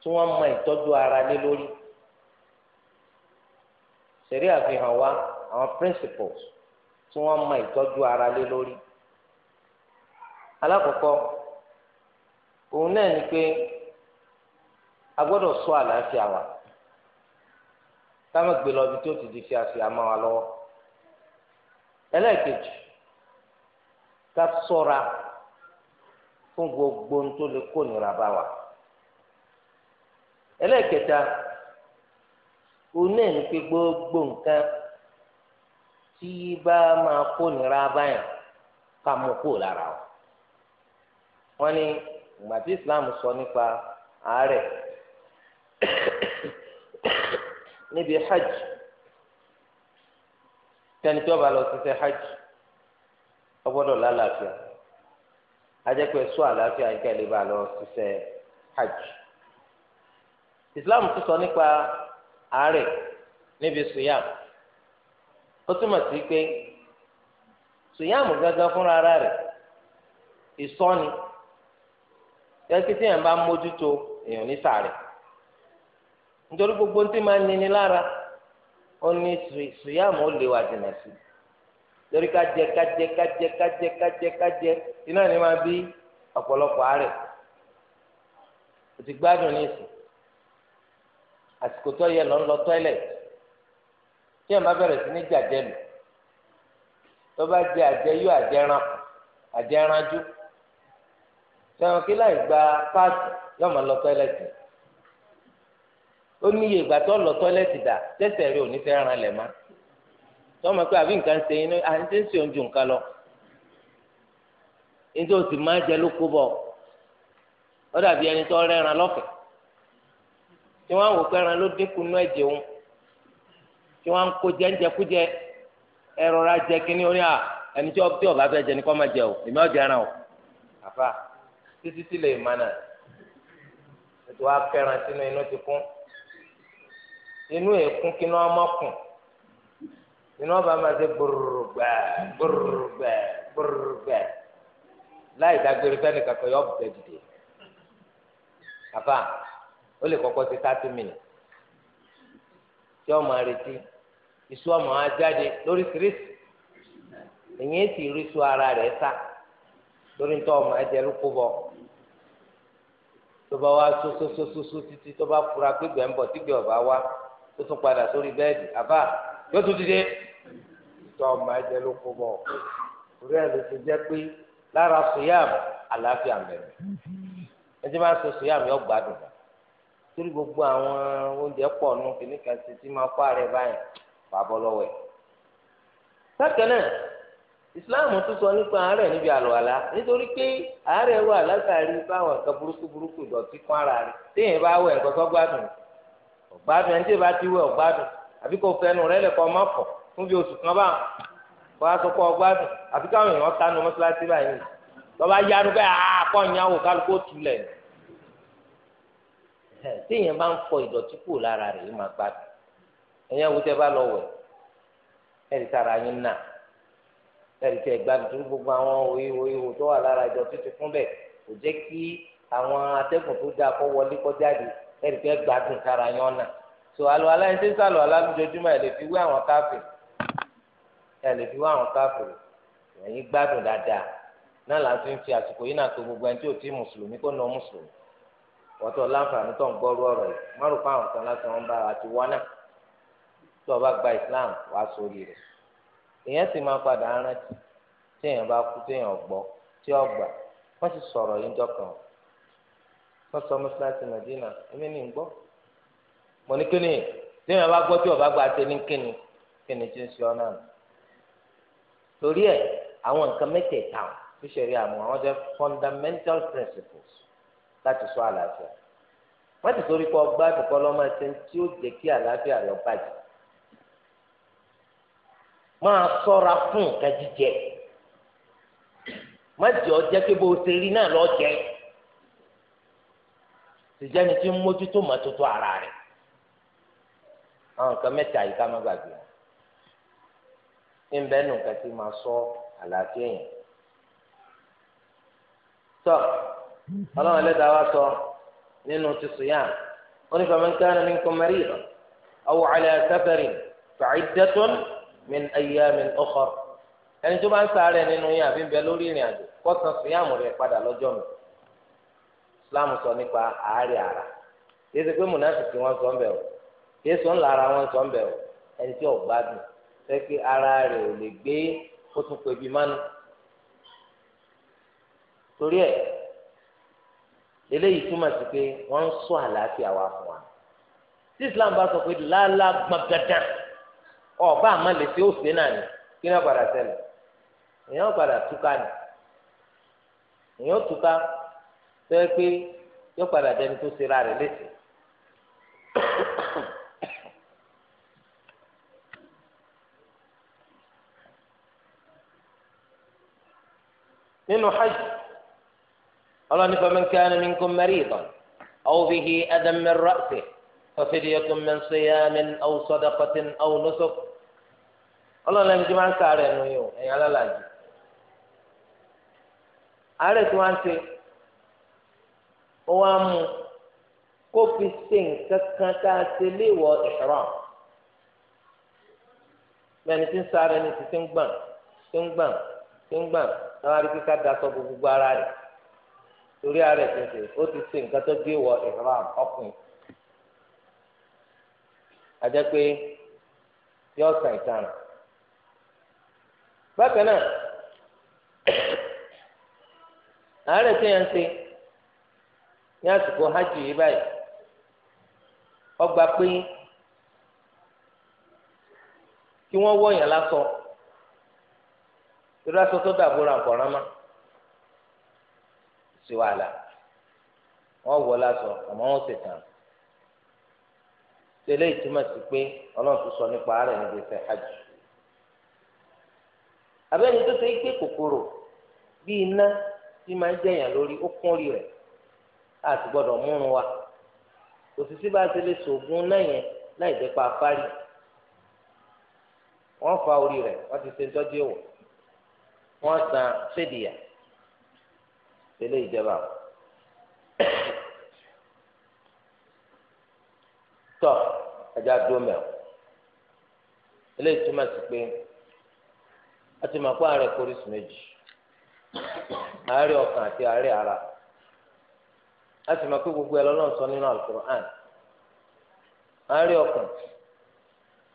tí wọn mọ ara lé lórí ṣẹ̀rí àfihàn wa àwọn principles tí wọn mọ ara lé lórí alákọ̀ọ́kọ́ òun náà ni pé a gbọ́dọ̀ ṣọ́ àlàáfíà wa táwọn gbé lọ ti di fi àṣì àmọ́ wa lọwọ. ẹlẹ́ẹ̀kejì ká fún gbogbo ohun tó lè kó nira bá wa ẹlẹ́ẹ̀kẹta òun náà ní pé gbogbo nǹkan tí bá máa kó nira báyà ká mú kó lára wa wọ́n ní ìgbà tí Islam sọ nípa àárẹ̀ níbi hajj tẹni lọ sí ṣe hajj ó lálàáfíà. ajẹ́pẹ́ sọ àlàáfíà yìí kẹ́lẹ́ bá lọ ṣiṣẹ́ hajj. islam tún sọ nípa àárẹ̀ níbi suyam ó túmọ̀ sí pé suyam gángan fúnra ara rẹ ìsọ́ni yẹ́sí tí èèyàn bá mójútó èèyàn ní gbogbo ohun tí máa ń nini lára ó ní suyam ó lè wà torí kájẹ kájẹ kájẹ kájẹ kájẹ kájẹ iná ni máa bí ọ̀pọ̀lọpọ̀ àárẹ̀ o ti gbádùn ní ìsìn àsìkò tó yẹ lọ ń lọ tọ́ẹ̀lẹ̀tì tí ẹ̀ má bẹ̀rẹ̀ sí ní jàjẹ́ lù tó bá jẹ àjẹyó àjẹran àjẹranjú sẹ́wọ̀n kí láì gba páàsì yóò máa lọ toilet ó ní iye ìgbà tó lọ tọ́ẹ̀lẹ̀tì dà tẹ́sẹ̀ rí òní fẹ́ ran lẹ̀ máa tó mọ̀ pé àbí nǹkan ṣe inú à ń tẹ́ ń ṣe oúnjẹ nǹkan lọ nítorí o sì máa jẹ ló kó bọ̀ ó dàbí ẹni tó rẹ́ran lọ́fẹ̀ẹ́ tí wọ́n á wò pé ẹran ló dínkù nú ẹ̀jẹ̀ òun tí wọ́n á ń kó jẹ́ńjẹkújẹ ẹ̀rọ ra jẹ kínní orí à ẹni tí ọba fẹ́ jẹ ni kọ́ máa jẹ o èmi ọ̀jẹ̀ ẹran o àfà títí tí lè má náà ètò afẹ́ràn sínú inú ti kún inú èkún kí ni wọ́n mọ̀ kùn. nínú ọba máa ṣe gbòrògbà gbòrògbà gbòrògbà láì dágbére fẹ́ni kankan yọ bẹ̀ dìde kàfà ó lè kọ́kọ́ ti thirty minutes tí ọmọ àrètí iṣu ọmọ ajáde lóríṣiríṣi ti rí ara rẹ̀ sá lórí tó ọmọ ajẹ́ ló kó tó bá wá sósósósó títí tó bá fura pé ń bọ̀ tí wá tó tún padà sórí yóò tó ọmọ ẹ̀jẹ̀ ló kó bọ̀ orí ẹ̀ ló ti jẹ́ pé lára sùyàm àlàáfíà mẹ́rin ẹjẹ́ máa ń sọ sùyàm yọ gbádùn torí gbogbo àwọn oúnjẹ pọ̀ nù kìíní kan ti ti máa kó ààrẹ báyìí fàbọ̀ lọ́wọ́ ẹ̀. bákan náà ìsìláàmù tún sọ nípa àárẹ̀ níbi àlùwàlá nítorí pé àárẹ̀ wà látàrí báwọn nǹkan burúkú burúkú ìdọ̀tí kún ara rẹ̀ téèyàn bá wẹ̀ nǹkan tó gbádùn ọ̀gbádùn ẹni tí ì bá ti wẹ̀ ọ̀gbádùn àbí kò fẹ́nu rẹ̀ lẹ̀kọ́ ọmọ fọ̀ fún bí oṣù kan bá wàá sọ pé ọgbádùn àfi káwọn èèyàn tánu mọ́ṣáláṣí báyìí lọ́ba yánu pé àkọ́ ìyàwó kálukó tulẹ̀ téèyàn bá ń fọ ìdọ̀tí kù lára rẹ̀ yìí máa gbádùn ẹ̀yìn àwùjọ bá lọ wẹ̀ ẹ̀rì tara yín nà ẹ̀rì tẹ̀ gbádùn tó gbogbo àwọn ihò ihò tó wà lára ìdọ̀tí ti fún bẹ́ẹ̀ kò jẹ́ kí àwọn atẹ́gùn tó dáa kọ́ wọlé kọjáde ẹ̀rì tẹ̀ gbádùn tara yín ọ̀nà tó alọ́ aláìsí sálọ̀ alálùjọjúmọ́ lè fi wé àwọn káfíìn ẹ lè fi wá àwọn káfíìrì ẹ̀yin gbádùn dáadáa náà là ń fi fi àsìkò yìí náà tó gbogbo ẹni tí ò tí mùsùlùmí kó nà mùsùlùmí wọ́tọ̀ láǹfààní tó ń gbọ́rú ọ̀rọ̀ yìí márùn fún àwọn kan lásán wọn bá àti wọn náà tó o bá gba Islam wàá sórí rẹ̀ èèyàn sì máa padà rántí tí èèyàn bá kú tí èèyàn gbọ́ tí ó gbà wọ́n sì sọ̀rọ̀ yìí dọ́kàn wọ́n sọ mọ́sálásí Madina èmi ní gbọ́ mo ní kíni tí èèyàn bá gbọ́ tí ò bá gba àti ní kíni kíni tí ń ṣe ọ náà torí ẹ̀ àwọn nǹkan mẹ́tẹ̀ẹ̀ta tí sẹ̀rí àmọ́ àwọn jẹ́ fundamental principles láti sọ àlàáfíà wọ́n ti torí kọ́ gbádùn kọ́ lọ́mọ ẹsẹ̀ tí ó jẹ́ kí àlàáfíà lọ bàjẹ́ máa ṣọ́ra fún nǹkan jíjẹ má jẹ́ ọjẹ́ pé bó o ṣe rí náà lọ́ọ́ jẹ́ tìjẹ́ni tí ń mójútó mọ́tótó ara rẹ̀ àwọn nǹkan mẹ́ta yìí ká má gbàgbé wọn ń bẹ nù kẹtì máa sọ àlàáfíà yẹn tọ Ọlọ́run Ẹlẹ́dàá wa sọ nínú tìṣù yá wọn ní faman kana minkum maridan aw ala safarin fa'iddatun min ayyamin ukhar ẹni tó bá ń sáré nínú yẹn àbí ń bẹ lórí ìrìn àjò kọsàn síyàmù rẹ padà lọ́jọ́ mi Islam sọ nípa àárẹ̀ ara kí ẹ pé mùnàfíìsì wọn sọ ń bẹ o kí ẹ sọ ńlá ara wọn sọ ń bẹ o ẹni tí ò gbádùn sẹ́kì ara rẹ̀ ò lè gbé ó tún pè bí mánu torí ẹ̀ eléyìí túmọ̀ sí pé wọ́n ń sọ àlàáfíà wa fún wa tí Islam bá sọ pé lálá gbọ̀ngàdàn ọba àmọ́ lè ṣe òṣè náà ni kí náà padà ṣẹlẹ̀ èèyàn padà túká ni èèyàn túká sọ pé yóò padà dẹni tó ṣe ra rẹ̀ léṣe. nínú hajj ọlọ́ni faman kana minkum maridan aw bihi adam min ra'sihi fafidyatun min siyamin aw sadaqatin aw nusuk ọlọ́ni ẹni tí wọ́n ń sáré ẹnu yìí o ẹ̀yin alálàájì àárẹ̀ tí wọ́n ń ṣe ó wá mú kó fi ṣe nǹkan kan tá a ṣe léèwọ̀ ìṣòro bẹ́ẹ̀ tí ń sáré ni ti ti ń gbọ̀n ti ń gbọ̀n. tí na gbà táwa rí kíkà gbogbo ara rẹ̀ torí ara rẹ̀ tètè ó ti ṣe nǹkan tó gbé wọ ìhram ọkùnrin àjẹ pé yọ sàn ìtara bákan náà àárẹ̀ tí yẹn ń ṣe ní àsìkò hajj yìí báyìí ọgbà pé kí wọ́n torí aṣọ tó dàbòrà nǹkan rán mọ́ sí wàhálà wọ́n wọ lásọ sì tàn tẹ́lẹ̀ ìtumọ̀ pé tó sọ nípa ara ẹ̀ níbi hajj abẹ́ni tó gbé kòkòrò bí iná tí máa ń lórí ó orí rẹ̀ múrun wa bá a lè náà yẹn láì jẹ́ pa afárí wọ́n fa orí rẹ̀ wọ́n ti ṣe ń tọ́jú ìwọ̀n. wọn san fedia tẹ́lẹ̀ ìjọba tọ́ ajá dómẹ̀ eléyìí túmọ̀ sí pé a ti mọ̀ pé ààrẹ kórìsì méjì ọkàn àti ààrẹ ara a ti mọ̀ gbogbo ẹ̀ lọ́nà sọ nínú Al-Qur'an ààrẹ ọkàn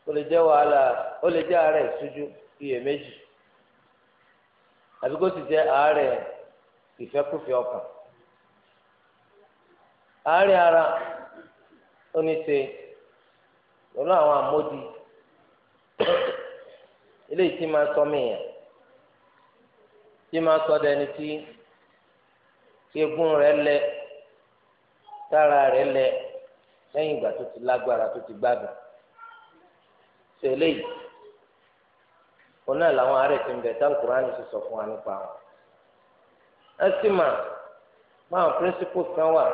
ó lè jẹ́ wàhálà ó lè jẹ́ ìṣújú iyèméjì. àbí kó sì jẹ́ àárẹ̀ ìfẹ́kùfẹ́ ọkàn ara ó ní ṣe pẹ̀lú àwọn àmódi eléyìí tí máa sọ mìíràn tí máa sọ dẹni tí egun lẹ tára lẹ ìgbà tó wọn náà làwọn ará ti ń bẹ tá alukurani ti sọ fún wa nípa wọn ẹ sì mà báwọn píríncípù kan wà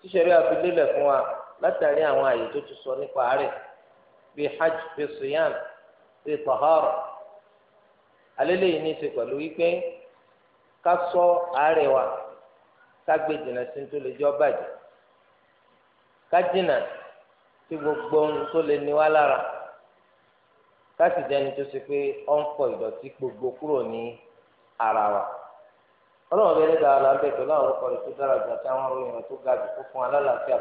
tíṣẹ̀rí àfilélẹ̀ fún wa látàrí àwọn àyè tó ti sọ nípa ará bí hajj bí siyam bí tahara alẹ́lẹ́ ní í ṣe pẹ̀lú wípé ká sọ ará wa ká gbé jìnnà sí tó lè jọ bàjẹ́ ká jìnnà sí gbogbo ohun tó lè ní wa lára. láti jẹni tó ṣe pé ọ ń pọ ìdọ̀tí gbogbo kúrò ní ara wa ọlọ́run bẹ́ẹ̀ nígbà pẹ̀lú àwọn tó dára jù àti àwọn ìrìn tó ga jù kó fún alálàáfíà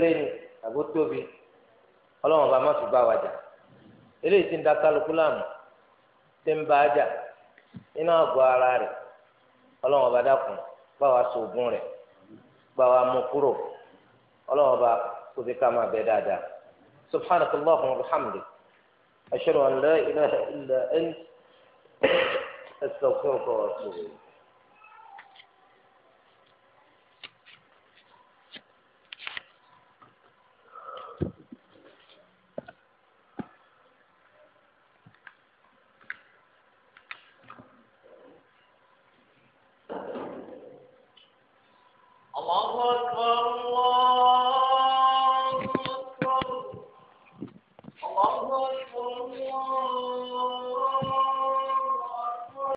ni àbó tóbi ọlọ́run má fi bá wa jà eléyìí ti a jà ara rẹ̀ ọlọ́run dákun bá wa kó fi ká máa bẹ dáadáa subhanaka allahumma wa bihamdik ashhadu an la ilaha illa ant astaghfiruka wa atubu ilayk.